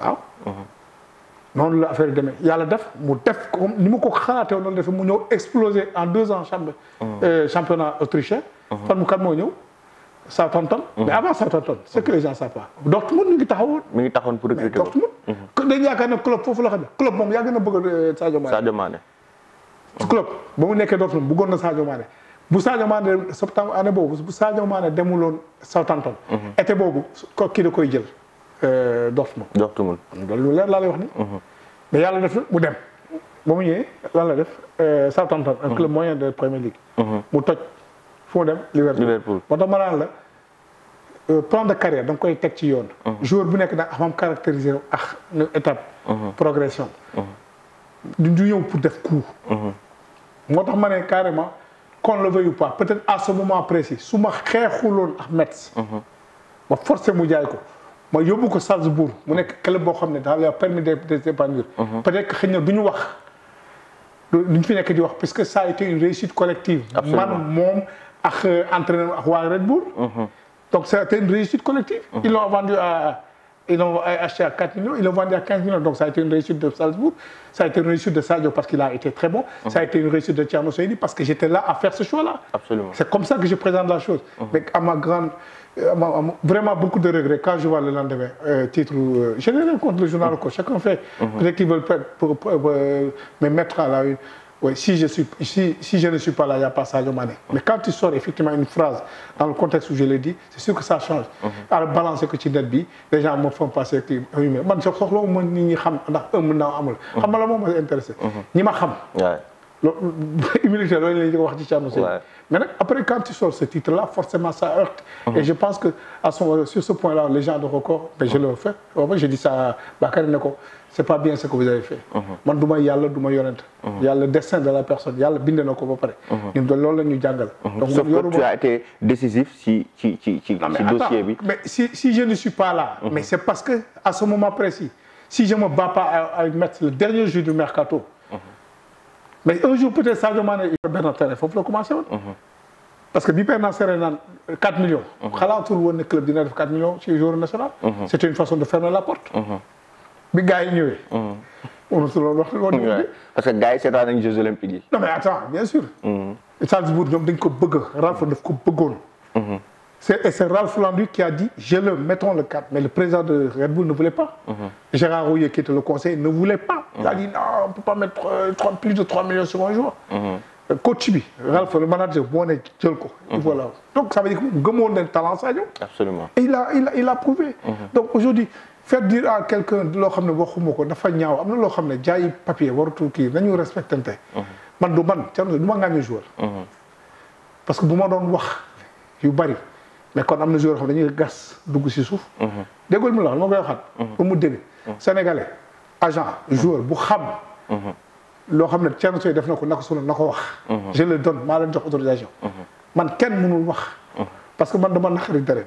Uh-huh. non l'affaire la affaire y a def mu def comme ni mu ko def explosé en deux ans champ uh-huh. euh, championnat autrichien. Uh-huh. fan mu Southampton. mais avant Southampton c'est que les gens savent pas. Dortmund mi ngi savent mi ngi pour recruter a club la club il y a club mu na bu septembre année bu Il y a Southampton. été jël dootuma. dootuma lu leer laa lay wax ni mhm. mais yàlla def mu dem. ba mu ñëwee lan la def euh, Southampton. un mhm. le moyen de Premier League. Mhm. mu toj fu mu dem Liverpool. Liverpool moo ma naan la euh, plan de carrière da nga koy teg ci yoon. joueur bu nekk da nga xam caractériser ak une étape. progression. du ñëw pour def coup. moo tax ma ne carrément qu'on le veuille ou pas peut-être à ce moment précis su ma xeexuloon ak Metz. ma forcé mu jaay ko. ma yóbbu ko Salzbourg mu nekk club boo xam ne daal yaa permis de de s'épanouir mhm. que xëy na du ñu a réussite collective man moom ak euh, entraîneur ak Red Bull mhm. donc ça a une réussite collective mhm. ils l'ont vendu à Ils l'ont acheté à 4 millions, ils l'ont vendu à 15 millions. Donc ça a été une réussite de Salzbourg, ça a été une réussite de Sadio parce qu'il a été très bon, ça a mhm. été une réussite de Tierno parce que j'étais là à faire ce choix-là. C'est comme ça que je présente la chose. Mais mhm. à ma grande. Euh, vraiment beaucoup de regrets quand je vois le lendemain euh, titre. Euh, je ne contre le journal, quoi. chacun fait. Mm -hmm. veulent pour, euh, me mettre à la une. Oui, si je, ne suis pas là, il n'y a pas ça, m'en Mané. Oh. Mais quand tu sors effectivement une phrase dans le contexte où je l'ai dit, c'est sûr que ça change. Oh. À balancer que tu dis, les gens me font passer que oui, mais moi, je ne sais pas si je sais pas si je suis intéressé. Je ne sais pas. Humilité, c'est ce que Mais après, quand tu sors ce titre-là, forcément, ça heurte. Oh. Et je pense que sur ce point-là, les gens de record, ben, je le fais. Je dis ça à Bakary Neko c'est pas bien ce que vous avez fait. Uh-huh. man du yalla yàlla du ma yonent. Uh-huh. destin de la personne yalla bindé nako ba paré. Uh-huh. ñun do loolu la ñu donc sauf que tu as été décisif si si si si dossier bi. mais si si je ne suis pas là. mais c'est parce que à ce moment précis si je me bats pas à mettre le dernier jour du mercato. mais un jour peut-être ça Mané Bernard Tairé foofu faut le commencer parce que bi Bernard Tairé 4 millions. xalaatul woon le club dina def 4 millions le jour national. c'est une façon de fermer la porte. Mais gars mm. parce que gars c'est dans les Jeux olympiques non mais attends bien sûr. Mm. Salzbourg ñoom dañ ko bëgg Ralph daf ko mm-hmm. c'est et c'est Ralph Landry qui a dit je le mettons le cap mais le président de Red Bull ne voulait pas. Mm-hmm. Gérard Rouillet qui était le conseil ne voulait pas. il a mm-hmm. dit non on ne peut pas mettre euh, plus de 3 millions sur un joueur. coach lui, Ralph le manager boo ne jël voilà donc ça veut dire que a un talent ça. absolument et il a il a il a prouvé. donc aujourd'hui faire dire à quelqu'un lo xamné ne waxuma ko dafa ñaaw amna lo xamné jaay ne jaayi papier warutul kii nañu respectante uh-huh. man du man ci du ma joueur uh-huh. parce que buma don wax yu bari mais kon amna joueur yoo xam dañuy gas dugg ci souf uh-huh. déggul mu la ma koy waxat bu mu dégg sénégalais agent joueur bu xam lo xamné ci Thierno def nako nako sunu na wax je le donne ma la jox autorisation man kenn mënul wax parce que man dama nakhari deret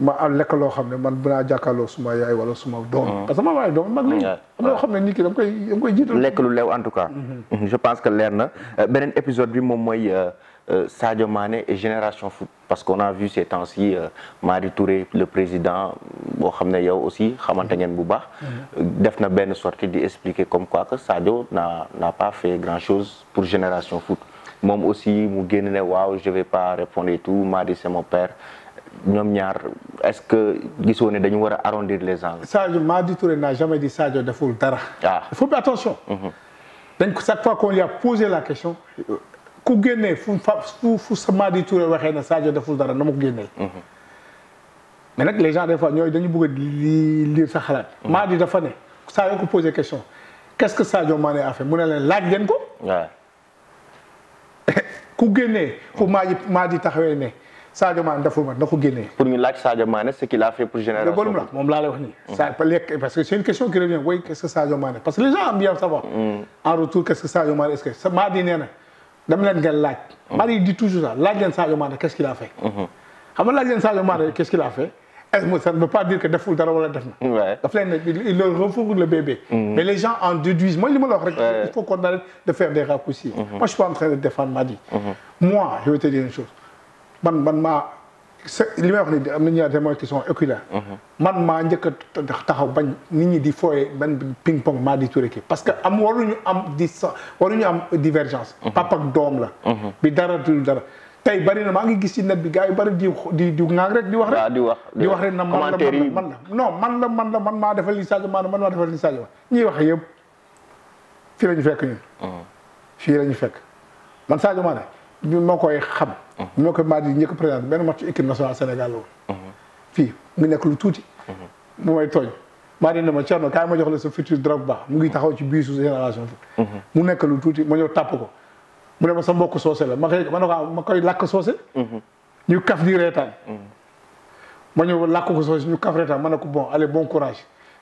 ma am lekk loo xam man bu naa jàkkaarloo suma yaay wala suma doom. Mm-hmm. parce que ma waaye doom mag lañu. lo na loo xam nit ki da koy da koy jiital. lek lu lew en tout cas. Mm-hmm. je pense que leer benen euh, beneen épisode bi mom moy euh, euh, Sadio Mané et Génération Foot parce qu'on a vu ces temps-ci Madi Touré le président bo xam yow aussi xamante ngeen bu baax. Mm-hmm. def na benn sortie di expliquer comme quoi que Sadio n'a n'a pas fait grand-chose pour Génération Foot mom aussi mu génn ne waaw je vais pas répondre et tout Madi c'est mon père ñoom ñaar est-ce que gisoo ne dañu war arrondir les angles. Sadio Madi Touré n'a jamais dit Sadio deful dara. Ah. il faut faire attention. ben ko chaque fois qu'on lui a posé la question ku génnee fu fa fu sa Madi Touré waxé na Sadio deful dara na ma ko génnee. Mhm. mais nak les gens des fois ñoy dañu bëgg lire sa xalaat. Mhm. Madi dafa ne saa yoo ko posé question qu'est-ce que Sadio Mané a fait mu ne leen laaj leen ko. ku génnee ku Madi Madi taxawee né Sadio Mané dafa ma na ko pour ñu laaj Sadio Mané ce qu'il a fait pour génération. loolu la moom laa lay wax ni ça parce que c'est une question qui revient oui qu'est-ce que Sadio Mané parce que les gens ont bien savoir. Mm. en retour qu'est-ce que Sadio Mané est-ce que ça m'a dit néna dama leen ngeen laaj. Mm. Madi dit toujours ça laaj leen Sadio Mané qu'est-ce qu'il a fait. Mm-hmm. xam nga laaj leen Sadio Mané qu'est-ce qu'il a fait. est ça ne veut pas dire que deful dara wala def na. il le refourgue le bébé. Mm-hmm. mais les gens en déduisent Moi, li ma la wax rek. il faut qu'on arrête de faire des raccourcis. Mm-hmm. moi je suis pas en train de défendre Madi. moi je vais te dire une chose. man man maa li may wax ni am na ñu naan mooy qui sont oculaires. Uh-huh. man maa njëkk a taxaw bañ nit ñi di fooyee benn ping pong maa di turé kii parce que am waruñu am di waruñu am divergence. Uh-huh. papa ak doom la. Uh-huh. dara dul dara. tey bari na maa ngi gis ci net bi gars yi bari di di di ŋaang rek wax di wax di wax rek na man la man la man la man la man maa defal li Sadio Mané man maa wax yëpp fii la ñu fekk ñun fii la ñu fekk man Sadio Mané ñun moo koy xam bi ma ko maa di njëkk présenté benn fii mu nekk lu tuuti mu may tooñ maa di ne ma Thierno ma jox la sa futur Drogba mu ngi taxaw ci biisu mu nekk lu tuuti ma ñëw tàpp ko mu ne ma sa mbokk soose la ma ma ne ko ah, ma koy lakk soose ñu kaf di reetaan ma ñëw lakk ko soose ñu kaf reetaan ma ko bon allez bon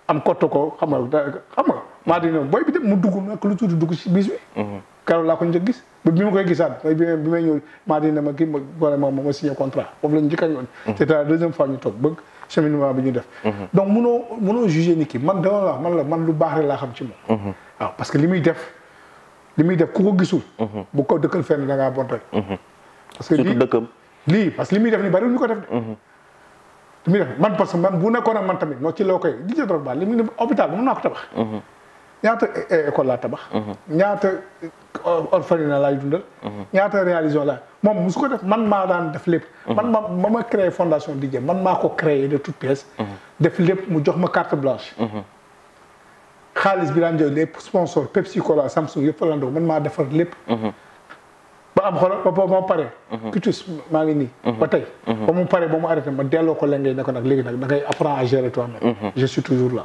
am ko xam nga xam nga maa di ne mu dugg nekk lu tuuti dugg ci biis bi Kalau la ko ñu gis bu bima koy gissat way bima may ma di ne ma kii ma gore ma ma signé contrat boobu la ñu njëkk c'est la deuxième fois ñu tok bëgg cheminement bi ñu def donc mëno mëno juger nit ki man da la wax man la man lu baax la xam ci mo waaw parce que li def limuy def ku ko gisul bu ko dekkal fenn da nga bon rek parce que li dëkkam parce que def ni bari ñu ko def hmm. limuy def man parce que man bu nekkona man tamit noo ci lokay di ci drogue ba limuy hôpital mëno ko tabax ñaata hmm. école eh, eh, la tabax ñaata hmm. orphelinat la dundal. ñaata réalisation la mom musu ko def man ma daan def lepp man ma ma créer fondation Didier man maa ko créé de toute pièce. def lepp mu jox ma carte blanche. khalis bi daan jël les sponsors Pepsi Cola Samsung yepp yëpp fa man ma defal lepp ba am xol ba ma paré Pitus maa ngi ni ba tay ba mu paré ba mu arrêté ma delloo ko lengee nak ko nag léegi da ngay apprendre à gérer toi-même. je suis toujours là.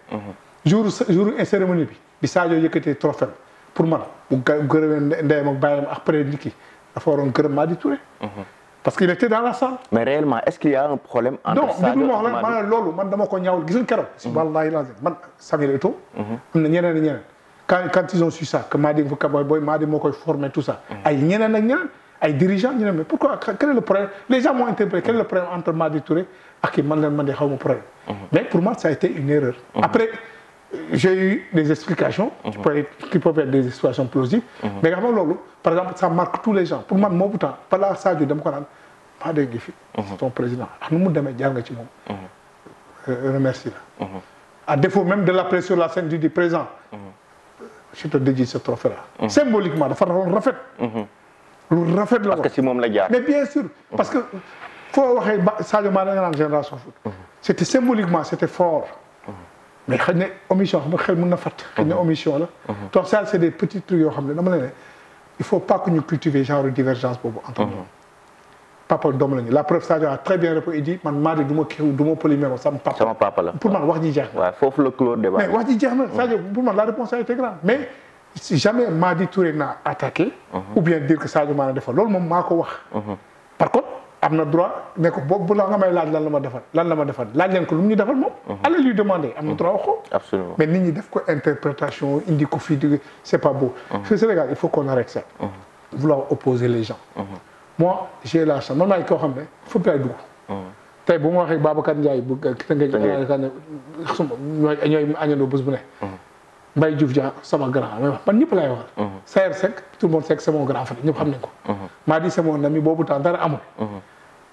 jour jour cérémonie bi bi Sadio yëkkatee trophée pour man bu gërëmee ndeyam ak bàyyam après nit ki dafa waroon gërëm Madi Touré. Mhm. parce qu'il était dans la salle. mais réellement est-ce qu'il y a un problème. entre Sadio non wax la man lolu man dama ko ñaawul gis nga keroog. Mhm. wallahi laazim man Samuel Eto'o. Mhm. am na ñeneen ak ñeneen. quand quand ils ont su ça que Madi nga fa boy, Madi mo koy former tout ça. ay ñeneen ak ñeneen ay dirigeants ñu mais pourquoi quel est le problème les gens m'ont interpellé quel est le problème entre Madi Touré à qui demandé demandé comment de mais pour moi ça a été une erreur. Mhm. après j'ai eu des explications. qui mhm. peuvent être des explications plausibles. Mhm. mais vraiment, par exemple ça marque tous les gens pour moi pourtant, temps la salle du ko pas des dégg C'est ton président nous nous mu demee jaar euh, remercie là. à défaut même de pression sur la scène du présent. je te dédie ce trophée-là. symboliquement il doon le refaire. Le la parce que c'est la mais bien sûr parce que. Faut waxee Sadio Mané dans la génération foot. Mhm. c'était symboliquement c'était fort. Mhm. mais xëy a omission xam nga xel mën na fàtt. Mhm. omission donc ça c'est des petits trucs Il ne il faut pas que nous cultiver genre divergence boobu entre nous. papa la la preuve Sadio a très bien répondu Il dit man maa di du ma polymère, ça ma polyméro sama papa. sama pas pour man wax ji Il faut le foofu la débat mais wax ji ça na Sadio pour man la réponse a été grande mais. si jamais Madi Touré n'a attaqué. ou bien dire que Sadio Mané dafa c'est ce que je wax. par contre amna droit ne ko boobu la nga may laaj lan la ma defal lan la ma defal laaj len ko lu ñu defal mom mhm. allez lui demander amna droit ko. absolument mais nit ñi def ko interprétation indi ko fii c'est pas beau. ce mhm. Sénégal il faut qu'on arrête ça. Mhm. vouloir opposer les gens. moi j'ai la chance man maay koo xam ne fépp laay dugg. bu mo waxe Babacar Ndiaye bu Tëngéej. ñooy ñoy añandoo bëss bu ne. Mbaye Diouf Dia sama grand mais man ñëpp laay wax. Saër tout le monde Seck c'est mon grand frère ñëpp xam nañ ko. m'a di c'est mon ami bobu tan dara amul.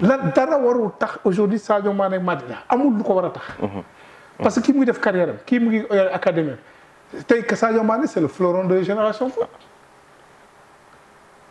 lan dara warul tax aujourd'hui Sadio Mané Madina amul lu ko war a tax. parce que kii muy def carrière am kii mu ngi académie tey que Sadio Mané c' le fleuron de génération quoi.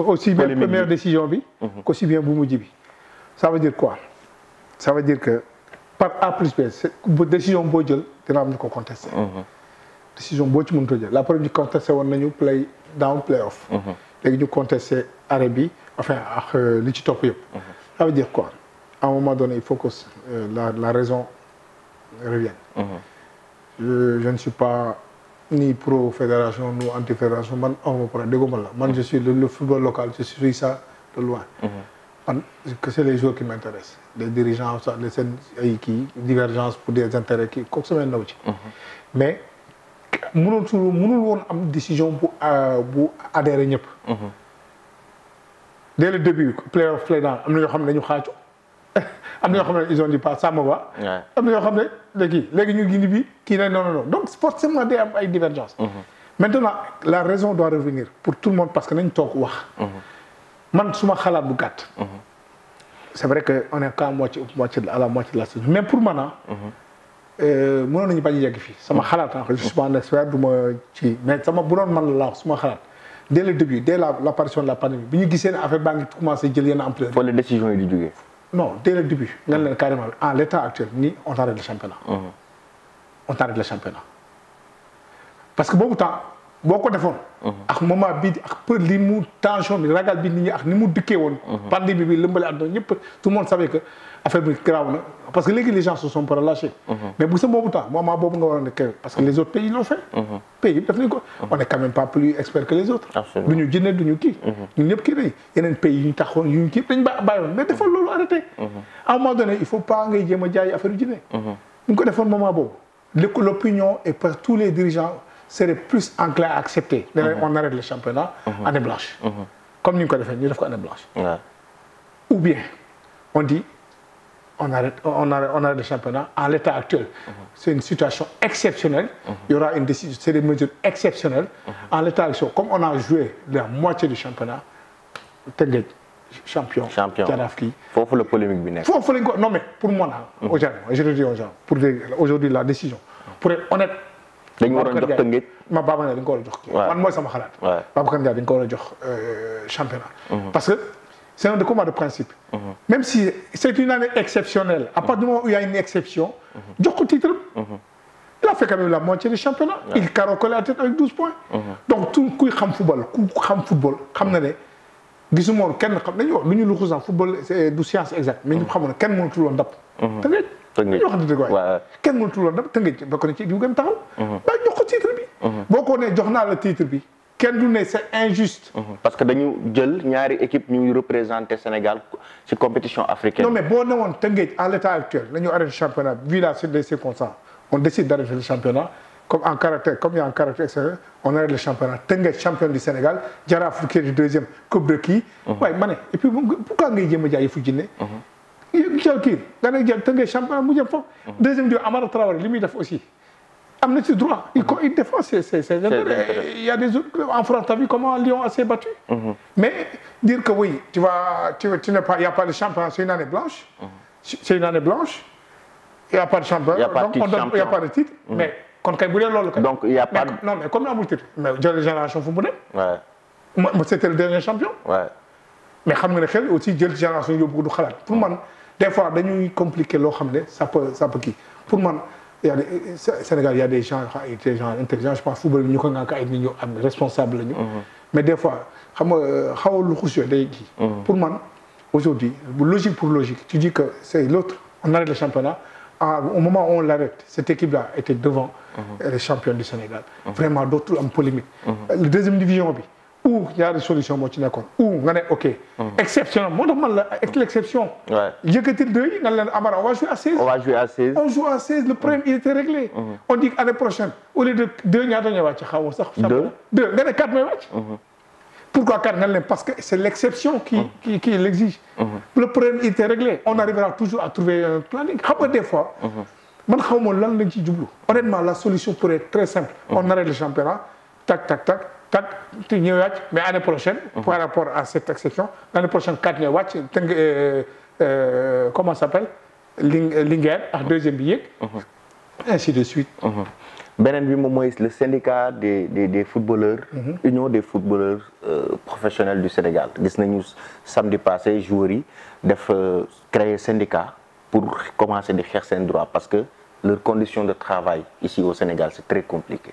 aussi bien première décision bi mhm. qu'aussi bien bu ça veut dire quoi ça veut dire que par A plus B la décision de jël dina la contester. Mhm. décision boo ci mënut a jël la preuve ñu contesté woon nañu play down play off mhm. léegi ñu contesté arrêt enfin euh, l'Ichitopio. ça veut dire quoi à un moment donné il faut que euh, la raison revienne euh, je ne suis pas ni pro fédération ni anti fédération man awma problème dégguma la man je suis le, football local je suis ça de loin. parce mhm. que c'est les joueurs qui m'intéressent les dirigeants les qui ay divergence pour des intérêts qui kooku sama ndaw mhm. mais mënul su mënul woon une décision pour euh, bu adhérer ñëpp. Mhm. dès le début les off play down am na am na yoo ils ont dit pas ça me va. am na yoo xam ne léegi léegi ñu gindi bi kii ne non non non donc forcément day am ay divergence mhm. maintenant la raison doit revenir pour tout le monde parce que nañ toog wax. Mhm. man suma xalaat bu gàtt. Mhm. c'est vrai que on est quand moitié moitié à la moitié de la saison mais pour maintenant. Ah, euh, mënoon nañu bañ a yegg fii sama xalaat ah je suis pas un expert du ma ci mais sama bu doon man la wax suma xalaat. dès le début dès la l'apparition de la pandémie bi ñu gisee ne affaire baa ngi commencé jël yenn ampleur. foofu la décision yi di jógee non dès le début en l'état actuel on arrête le championnat. Uh-huh. on arrête le championnat parce que de temps de fois, à un moment ni uh-huh. tout le monde savait que affaire parce que les gens se sont pas relâchés. Mhm. mais pour ce boobu temps moment boobu nga waroon a parce que les autres pays l'ont fait. Mhm. pays mhm. on est quand même pas plus expert que les autres. nous sommes jëndee du ñu kii. ñun ñëpp kii pays yu ñu taxoon yu ñu dañ mais il faut arrêter. à un moment donné il faut pas engager les a jaay affaire Nous, jëndee. bu ñu ko defoon moment L'opinion et par tous les dirigeants seraient plus enclins à accepter. on arrête le championnat. en blanche. comme nous, ñu ko defee ñu année blanche. ou bien on dit on arrête, on arrête, le championnat en l'état actuel. C'est une situation exceptionnelle. Mhm. Il y aura une décision, c'est des mesures exceptionnelles. Mhm. En l'état actuel, comme on a joué la moitié du championnat, Tengue, champion, champion. il Faut faire le polémique binaire. Faut faire le... Non mais pour moi là, mhm. aujourd'hui, je le dis aux gens, pour aujourd'hui la décision, pour être honnête. ma euh, parce que c'est un combat de principe. Uh-huh. Même si c'est une année exceptionnelle, à part du moment où il y a une exception, uh-huh. uh-huh. Il a fait quand même la moitié du championnat. Il caracolait la tête avec 12 points. Donc, tout le monde football. le football. football du science exacte mais football kenn du ne c'est injuste. Mhm. parce que dañu jël ñaari équipe ñuy représenter Sénégal ci compétition africaine. non mais bon, nous woon Tëngéej à l'état actuel avons arrêté championnat vu la suite des on décide d'arrêter le championnat comme en caractère comme il y a en caractère extérieur on arrête le championnat Tëngéej champion du Sénégal Jaraaf qui est du deuxième coupe de qui waaye mhm. ma et puis pourquoi ngay jéem a jaay fu jinne mhm. jël kii nga ne jël Tëngéej championnat mu jëm foofu. deuxième bi Amara Traoré li muy def aussi. Amnesty ci droit il il mhm. défend ses il y a des autres clubs en France t'as vu comment Lyon a s'est battu. Mhm. mais dire que oui tu vas tu tu pas il n'y a pas de champion. c'est une année blanche. Mhm. c'est une année blanche. il n'y a pas de champion. il n'y a pas de titre a pas de mais. contre kay bu donc il n'y a pas non mais comme amul titre mais Dieu génération générations mu dem. c'était le dernier champion. Ouais. mais xam nga aussi jël génération générations du pour moi, des fois dañuy compliquer compliquées, xam ça peut ça peut qui. pour moi il y a des, Sénégal, il y a des gens, intelligents, je pense, football, nous sommes responsables. Mais des fois, euh, mhm. pour moi, aujourd'hui, logique pour logique, tu dis que c'est l'autre, on arrête le championnat. Ah, au moment où on l'arrête, cette équipe-là était devant mhm. les champions du Sénégal. Mhm. Vraiment, d'autres en polémique. La deuxième division, ou y solution des solutions nekkoon ou on est ok. Mhm. exception Moi tax man mhm. l'exception. avec y exception. que deux on va jouer à 16. on va jouer à 16. on joue à 16 le problème il était réglé. Mhm. on dit l'année prochaine au lieu de deux il y a xaw matchs, sax. deux deux y quatre matchs. pourquoi quatre matchs parce que c'est l'exception qui qui qui le problème il était réglé on arrivera toujours à trouver un planning des fois. man on l'a lan lañ ci honnêtement la solution pourrait être très simple. on arrête le championnat tac tac tac mais l'année prochaine. Mhm. par rapport à cette exception l'année prochaine 4 mois, euh, euh, comment ça s'appelle L'Inger, euh, un mhm. deuxième billet. Mhm. ainsi de suite. Benen bi le syndicat des des footballeurs. union des footballeurs professionnels du Sénégal gis samedi passé joueurs yi def syndicat pour commencer à faire ses droit parce que leurs conditions de travail ici au Sénégal c'est très compliqué.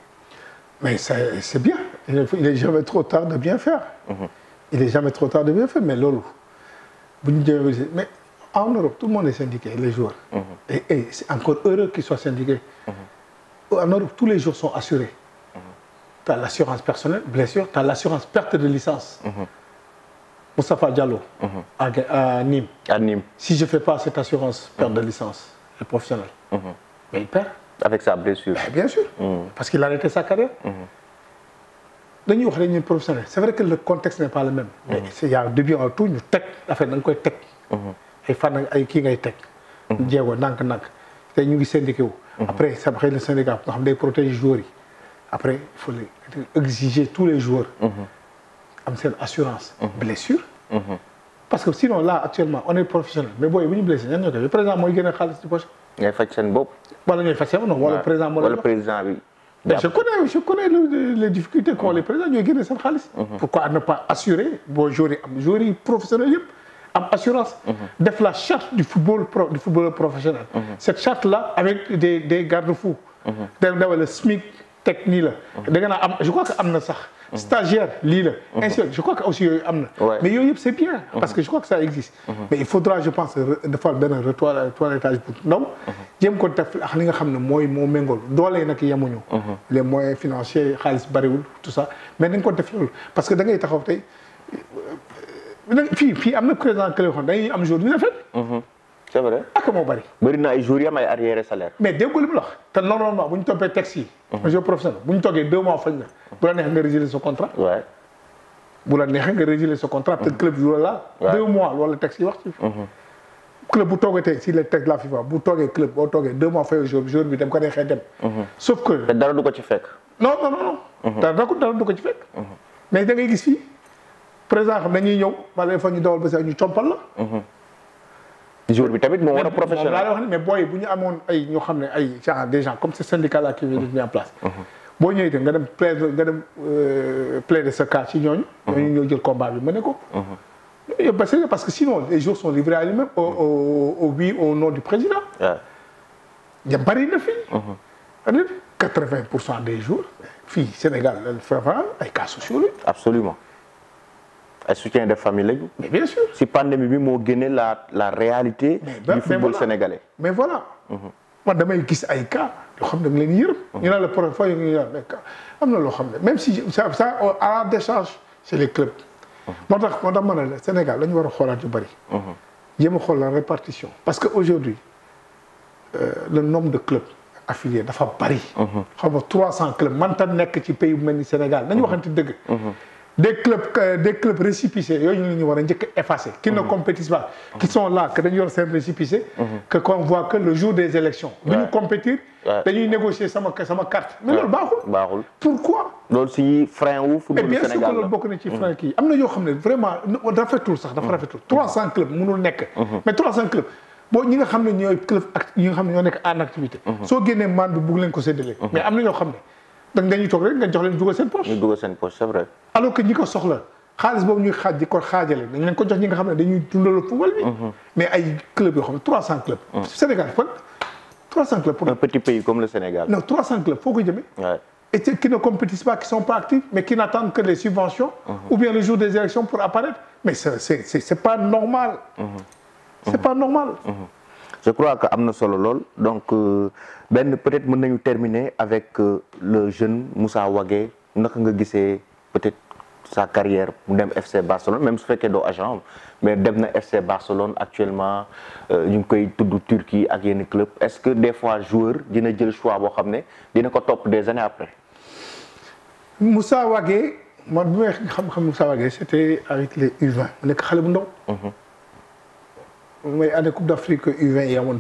Mais c'est bien. Il n'est jamais trop tard de bien faire. Mhm. Il n'est jamais trop tard de bien faire, mais lolo. Mais en Europe, tout le monde est syndiqué, les joueurs. Mhm. Et, c'est encore heureux qu'ils soient syndiqués. Mhm. En Europe, tous les jours sont assurés. Tu as l'assurance personnelle, blessure, tu as l'assurance perte de licence. Moussafa Diallo, à, Nîmes. Si je ne fais pas cette assurance perte de licence Le professionnel. mais ben, il perd avec sa blessure. bien sûr, mm. parce qu'il a arrêté sa carrière. Mm-hmm. dañuy wax rek ñun professionnel C'est vrai que le contexte n'est pas le même. Mm-hmm. mais il y a début en tout ñu teg affaire da nga koy teg. Mm-hmm. ay fan ay tech. ngay teg. jéego ndànk-ndànk ñu ngi syndiqué après ça xëy na syndicat nga xam day les joueurs après il faut exiger tous les joueurs. am Assurance, assurance. blessure parce que sinon là actuellement on est professionnel mais bon il y a ñan blessure. Le président il génne xaalis ci poche. il faj seen bopp. wala ñooy faj non bopp Le président moo lay jox wala président bi. je connais je connais les, difficultés qu'ont les présidents ñooy génne seen xaalis. Mhm. pourquoi ne pas assurer bon j'aurai am assurance. Mhm. def la charte du football pro du footballeur professionnel. Mhm. cette charte là avec des des garde-fous. da le SMIC technique. je crois que c'est a sax stagiaire lii la mhm. je crois que aussi yooyu am na mais yooyu c'est bien mhm. parce que je crois que ça existe mhm. mais il faudra je pense defal benn toilettage pour ndaw jéem ko def ak li nga xam ne mooy moo méngool doole nag yemuñu les moyens financiers xaalis bariwul tout ça mais dañ ko def loolu parce que da ngay taxaw tey euh, euh, fii fii am na président clé yoo xam dañuy am jour du ñu c'est vrai ak ah, vous na ay jours salaire. mais déggoo la normalement vous avez taxi. taxes mhm. professionnel deux mois à bu la neexee contrat. pour bu la nga contrat. te mhm. club joue là, deux mois taxi Le mhm. club bu si le de la FIFA bu le club deux mois jour jour bi dem ko sauf que. dara non non non. Dans dara du ko ci mais da ngay gis fii dañuy le jour jours, mais mon professionnel laa wax mais booy bu ñu amoon ay ñoo xamné ay genre des gens comme ce syndicat là qui vient de en place mhm. bo ñëwee itam nga dem plaider, nga dem euh, plaider ce cas ci ñooñu mhm. ñooñu ñoo jël combat bi mané ko mhm. parce que sinon les jours sont livrés à lui-même au, au, au, oui au nom du président ya bëri na fii ana quatre-vingt des jours fille, Sénégal fa ay cas sociaux absolument elle soutien des familles mais bien sûr si pandémie bi moo la la réalité. Ben, du football sénégalais. mais voilà. Moi, mhm. damay gis ay cas yoo xam ne da nga leen yërëm. Mhm. ñu naan la fois fooy ñu naan ay cas Je même si ça ça à la décharge c'est les clubs. Moi, mhm. dans mon tax le Sénégal dañu war a yu bari. a la répartition. parce que aujourd'hui euh, le nombre de clubs affiliés dafa bari. y a 300 clubs man ta dans ci pays du Sénégal. ni Sénégal nañu waxante dëgg des clubs euh, des clubs récépissés yooyu ñu ñu war a njëkk qui ne mhm. compétissent pas qui sont là que dañu yor seen que mhm. que qu'on voit que le jour des élections du compétir dañuy négocier sama sama carte mais loolu baaxul pourquoi loolu si frein wu football Sénégal bien sûr que loolu bokk na ci mhm. frein kii am na yoo xam ne vraiment rafetul sax dafa rafetul trois cent clubs mënul nek mais 300 clubs bon ñi nga xam ne club ñi nga xam ne ñoo en activité soo génnee man bi bugg leen ko séddale mais am na ñoo donc dañuy tok rek nga jox leen dugal seen poche. ñu seen poche c'est vrai. alors que ñi ko soxla xaalis boobu ñuy xaaj di ko xaajale dañ leen ko jox ñi nga xam ne dañuy dundal football bi. Mhm. mais ay club yoo xam 300 clubs. Mhm. Sénégal 300 clubs. pour un petit pays comme le Sénégal. non 300 clubs foo ko jëmee. et qui ne compétissent pas, qui ne sont pas actifs, mais qui n'attendent que les subventions mhm. ou bien le jour des élections pour apparaître. Mais ce n'est pas normal. Ce C'est pas normal je crois que amna solo lol donc ben peut-être meun nañu terminer avec euh, le jeune Moussa Wagé nak nga gissé peut-être sa carrière mu dem FC Barcelone même su féké do agent mais dem na FC Barcelone actuellement euh, ñu koy tuddu Turquie ak yene club est-ce que des fois joueur dina jël choix bo xamné ne dina ko top des années après. Moussa Wagé moi bu me xam-xam Moussa Wagé c'était avec les U20 mu xalé bu ndaw. Mhm à la Coupe d'Afrique U20 et a mon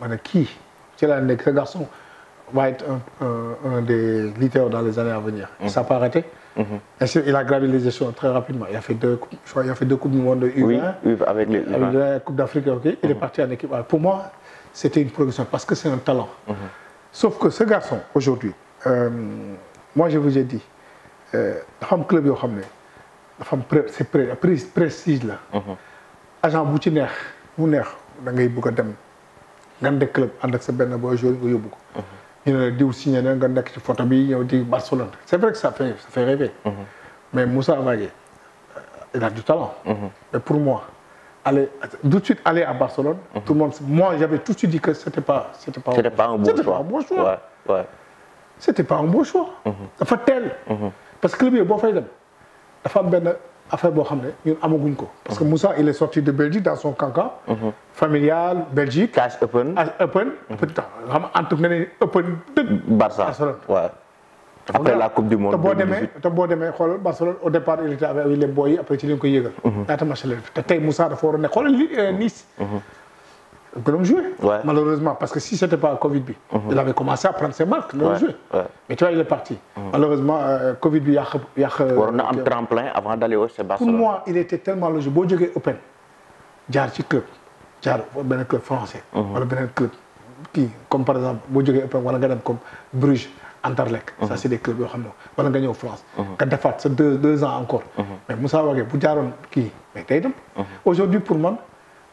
ma C'est un C'est ce garçon va être un, des leaders dans les années à venir. Ça mhm. s'est pas arrêté. Mhm. il a gravé les échelons très rapidement il a fait deux coupes il a fait deux du monde U20. avec les la Coupe d'Afrique ok. il est mhm. parti en équipe pour moi c'était une progression parce que c'est un talent. sauf que ce garçon aujourd'hui euh, moi je vous ai dit le euh, club la femme c'est prestige là agent bu ci neex mu neex da ngay bëgg a dem ngande club ànd ak sa benn boy joueur nga yóbbu ko. Mhm. ñu ne la diw signé na nga nekk ci photo bi yow di Barcelone c' est vrai que ça fait ça fait rêver. Mhm. mais Moussa Wagué euh, il a du talent. Mhm. mais pour moi aller tout de suite aller à Barcelone. tout le monde moi j'avais tout de suite dit que c' était pas c' était pas. c' était pas un bon choix ouais ouais. c' était pas un bon choix. dafa teel. parce que club yooyu boo fay dem dafa am benn affaire bo xamné ñun amaguñ ko. parce que Moussa il est sorti de Belgique dans son cancan. Mhm. familial Belgique. cash open cash open. Mhm. peut-être xam nga open de Barça ouais après la coupe du monde. te boo demee te boo demee Barcelone au départ il était avec les boys après ci lañ ko yëgal. ñaata mhm. match la def te tey Moussa dafa war a ne euh, Nice jouer, malheureusement. Parce que si ce n'était pas Covid, B, mhm. il avait commencé à prendre ses marques, Mais tu vois, il est parti. Mhm. Malheureusement, euh, Covid, il y a. Y a on a un tremplin avant d'aller au Sébastien. Pour moi, il était tellement logique. Bon, j'ai open. J'ai un club. J'ai un club français. J'ai mhm. un club qui, comme par exemple, bon, j'ai open, voilà, comme Bruges. Anderlecht, ça c'est des clubs qui ont gagné en France. Quand tu fait deux, ans encore. Mais Moussa Wagé, pour Jaron, qui Mais Aujourd'hui, pour moi,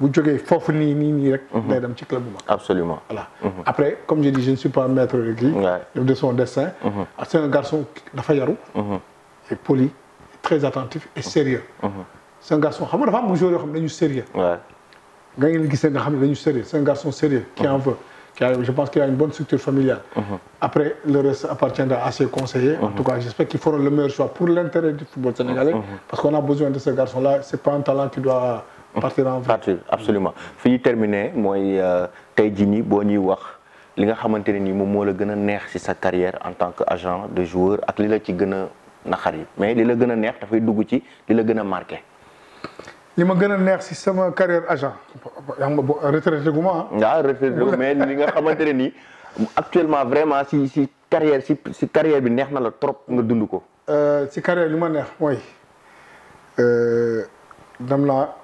Vous jouez ni rek. Mhm. club absolument mhm. après comme je dis je ne suis pas maître de de son dessin. Mhm. Ah, c'est un garçon dafa est poli très attentif et sérieux. c'est un garçon xam nga dafa joueur xam sérieux. xam sérieux c'est un garçon sérieux qui en veut. je pense qu'il a une bonne structure familiale. Après, le reste appartiendra à ses conseillers. En tout cas, j'espère qu'ils feront le meilleur choix pour l'intérêt du football sénégalais. Parce qu'on a besoin de ce garçon-là. Ce n'est pas un talent qui doit partir en partir absolument fi ñu terminé mooy euh, tey jii nii boo ñuy wax li nga xamante ne nii moom moo la gën a neex ci sa carrière en tant que agent de joueur ak li la ci gën a naqar yi mais li la gën a neex dafay dugg ci li la gën a marqué. li ma gën a neex si sama carrière agent yaa ngi ma retraité gu ma ah. retraité mais li nga xamante ne nii actuellement vraiment si si carrière si si carrière bi neex na la trop nga dund ko. si euh, carrière li ma neex mooy euh, dam laa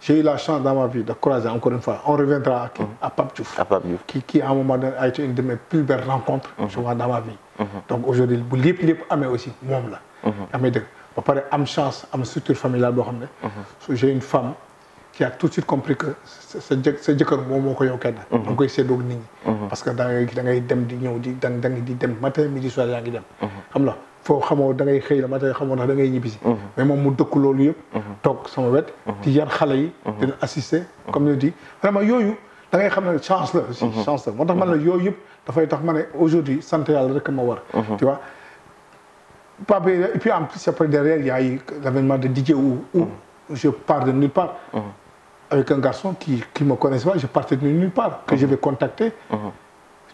j'ai eu la chance dans ma vie de croiser encore une fois, on reviendra à, qui, mm-hmm. qui, à un moment a été une de mes plus belles rencontres mm-hmm. dans ma vie. Mm-hmm. Donc aujourd'hui, les lépp lépp aussi là. Amé chance structure familiale j'ai une femme qui a tout de suite compris que c'est jë yow kenn. parce que dans dem di matin midi soir foo xamoo da ngay xëy la matin xamoo ndax da ngay ñibbisi mhm. mais moom mu dëkk loolu yëpp mhm. toog sama wet mhm. di yar xale yi dina assister comme je dis vraiment yooyu da ngay xam ne chance la chance la moo tax man yo-yo, yëpp dafay tax ma ne aujourd'hui sant yàlla rek ma war tu vois pas et puis en plus après derrière il y a l'avènement de DJ où, où je pars de nulle part avec un garçon qui qui me connaissait pas je partais de nulle part que je vais contacter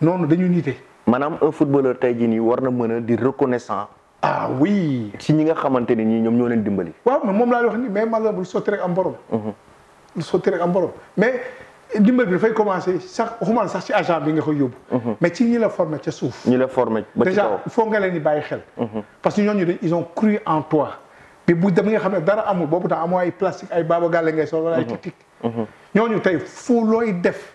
non dañu nité manam un footballeur tey jii nii war di reconnaissant. ah oui. ci ñi nga xamanteni ñi ñom ñoleen dimbali. waaw mais moom la wax ni mais malheureusement bu sotti rek am borom. Mhm. lu sotti rek am borom mais dimbal bi dafay commencé sax waxumaan sax ci agent bi nga koy yobbu mhm. mais ci ñi la former ci suuf. ñi la former ba ci taw déjà il faut nga leen ni bàyyi xel. Mhm. parce que ñoo ñu ils ont cru en toi. bi bu dem nga xam dara amul bobu tax amoo ay plastique ay baaba gàlle ngay sol wala ay hmm ñoo ñu tay fu loy def.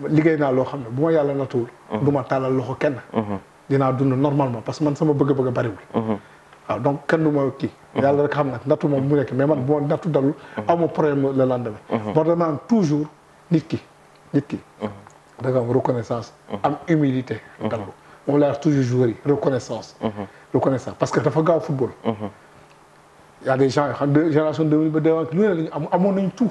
na ne yalla natul mhm. loxo mhm. normalement parce que man sama bëgg-bëgg bari mhm. donc kenn duma ki yalla rek xam de mu mais man bo Je dal problème le lendemain bor toujours nit ki nit reconnaissance humilité On on toujours joué, reconnaissance reconnaissance parce que dafa football y a des gens génération deux tout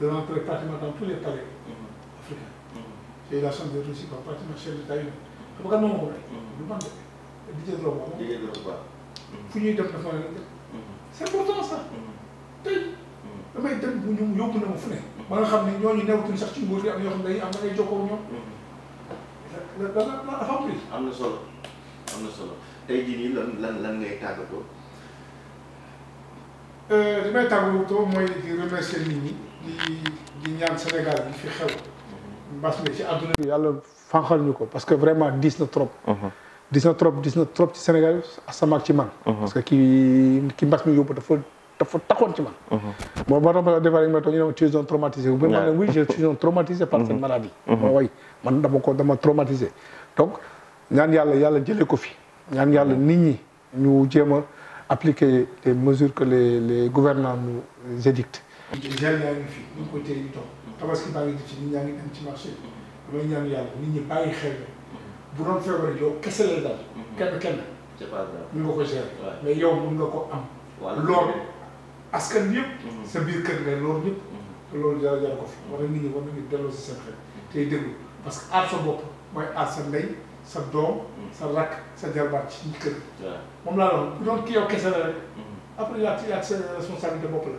devant pratiquement dans tous les palais africains. J'ai eu la chance d'être aussi par pratiquement chef d'État yu nekk. xam nga moom mooy. lu man de Didier Drogba moom. Didier Drogba. fu ñuy dem dafa mel ni. c' est important ça. tey damay ñu yóbbu na ma nga xam ne ñooñu newtuñ sax ci nguur am na yoo xam ne dañuy am da ngay jokkoo ñoom. la la la dafa am prix. am na solo am na solo tey jii nii lan lan lan ngay tàggatoo. Eh, li may di di ñaan Sénégal mbas mi ci àdduna bi yàlla fanqal ñu ko parce que vraiment diis na trop uh-huh. diis na trop diis na trop ci Sénégal asamaak ci man uh-huh. parce que ki ki mbas mi yóbbu dafa dafa taxoon ci man uh-huh. bon ba tax defar ñu ma toog ñu ne ma tu es un traumatisé ma ne oui je suis un traumatisé par cette maladie ma way man dama ko dama traumatisé donc ñaan yàlla yàlla jëlee ko fi ñaan yàlla nit ñi ñu jéem a appliquer les mesures que les gouvernant gouvernants nous gel yaa ngi fi ñu ngi koy téye ñu tabaski baa di ci nit ñaa ngi dem ci marché bi damay ñaan yàlla nit ñi bàyyi xel ne bu doon feebar yow kese la daal kenn kenn mun nga ko gérer mais yow mun nga ko am loolu askan bi yëpp mm-hmm. sa kër nga loolu mm-hmm. loolu jar jar ko fi war na nit ñi war delloo si seen xel tey déglu parce que aar sa bopp mooy aar sa ndey sa doom mm-hmm. sa rakk sa jarbaat ci kër moom laa doon bu doon kii yow kese la rek après yaa yaa sa responsabilité bopp la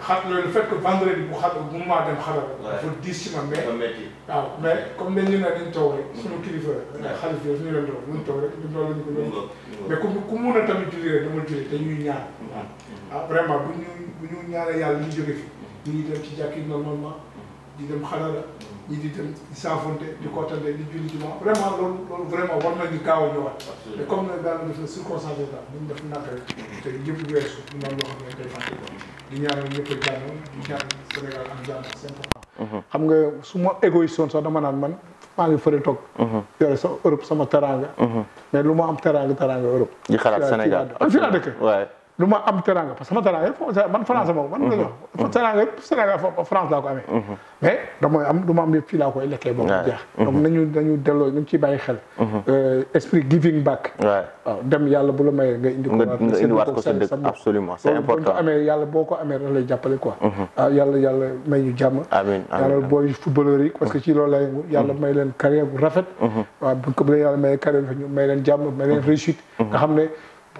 xam loolu le fait que vendredi bu xam bu maa dem xaral. dafa diis ci ma mais. waaw mais comme dañ ñu ne dañ toog rek. suñu kilifa la. xaalis bi ñu leen doon ñu toog rek ñu doon lañu ko doon. mais ku ku mun a tamit julli rek dama julli te ñuy mm-hmm. ah, bu ñu bu ñu ñaanee yàlla ñu jóge fi. Mm-hmm. ñu ngi dem ci jàkki di dem xarala ñi di dem saafonte di kootante di julli jumaa vraiment a di ñaanal a jàmm di Sénégal am jàmm c'est important mhm. xam nga su ma égoïste woon man maa ngi fële toog mhm. yore sa Europe sama teranga mhm. mais lu ma am teranga teranga Europe di xalaat Sénégal fi ah, laa dëkk lu ma am teranga parce que man France moom man la jox mm-hmm. teranga yëpp teranga France laa ko amee mm-hmm. mais damooy am lu ma am yëpp fii laa ko nga indiwaat ko sa may ñu jàmm amiin yàlla booy footballeur yi mm-hmm. yàlla may leen carrière bu rafet waaw bu ko yàlla may leen jàmm may leen réussite nga xam ne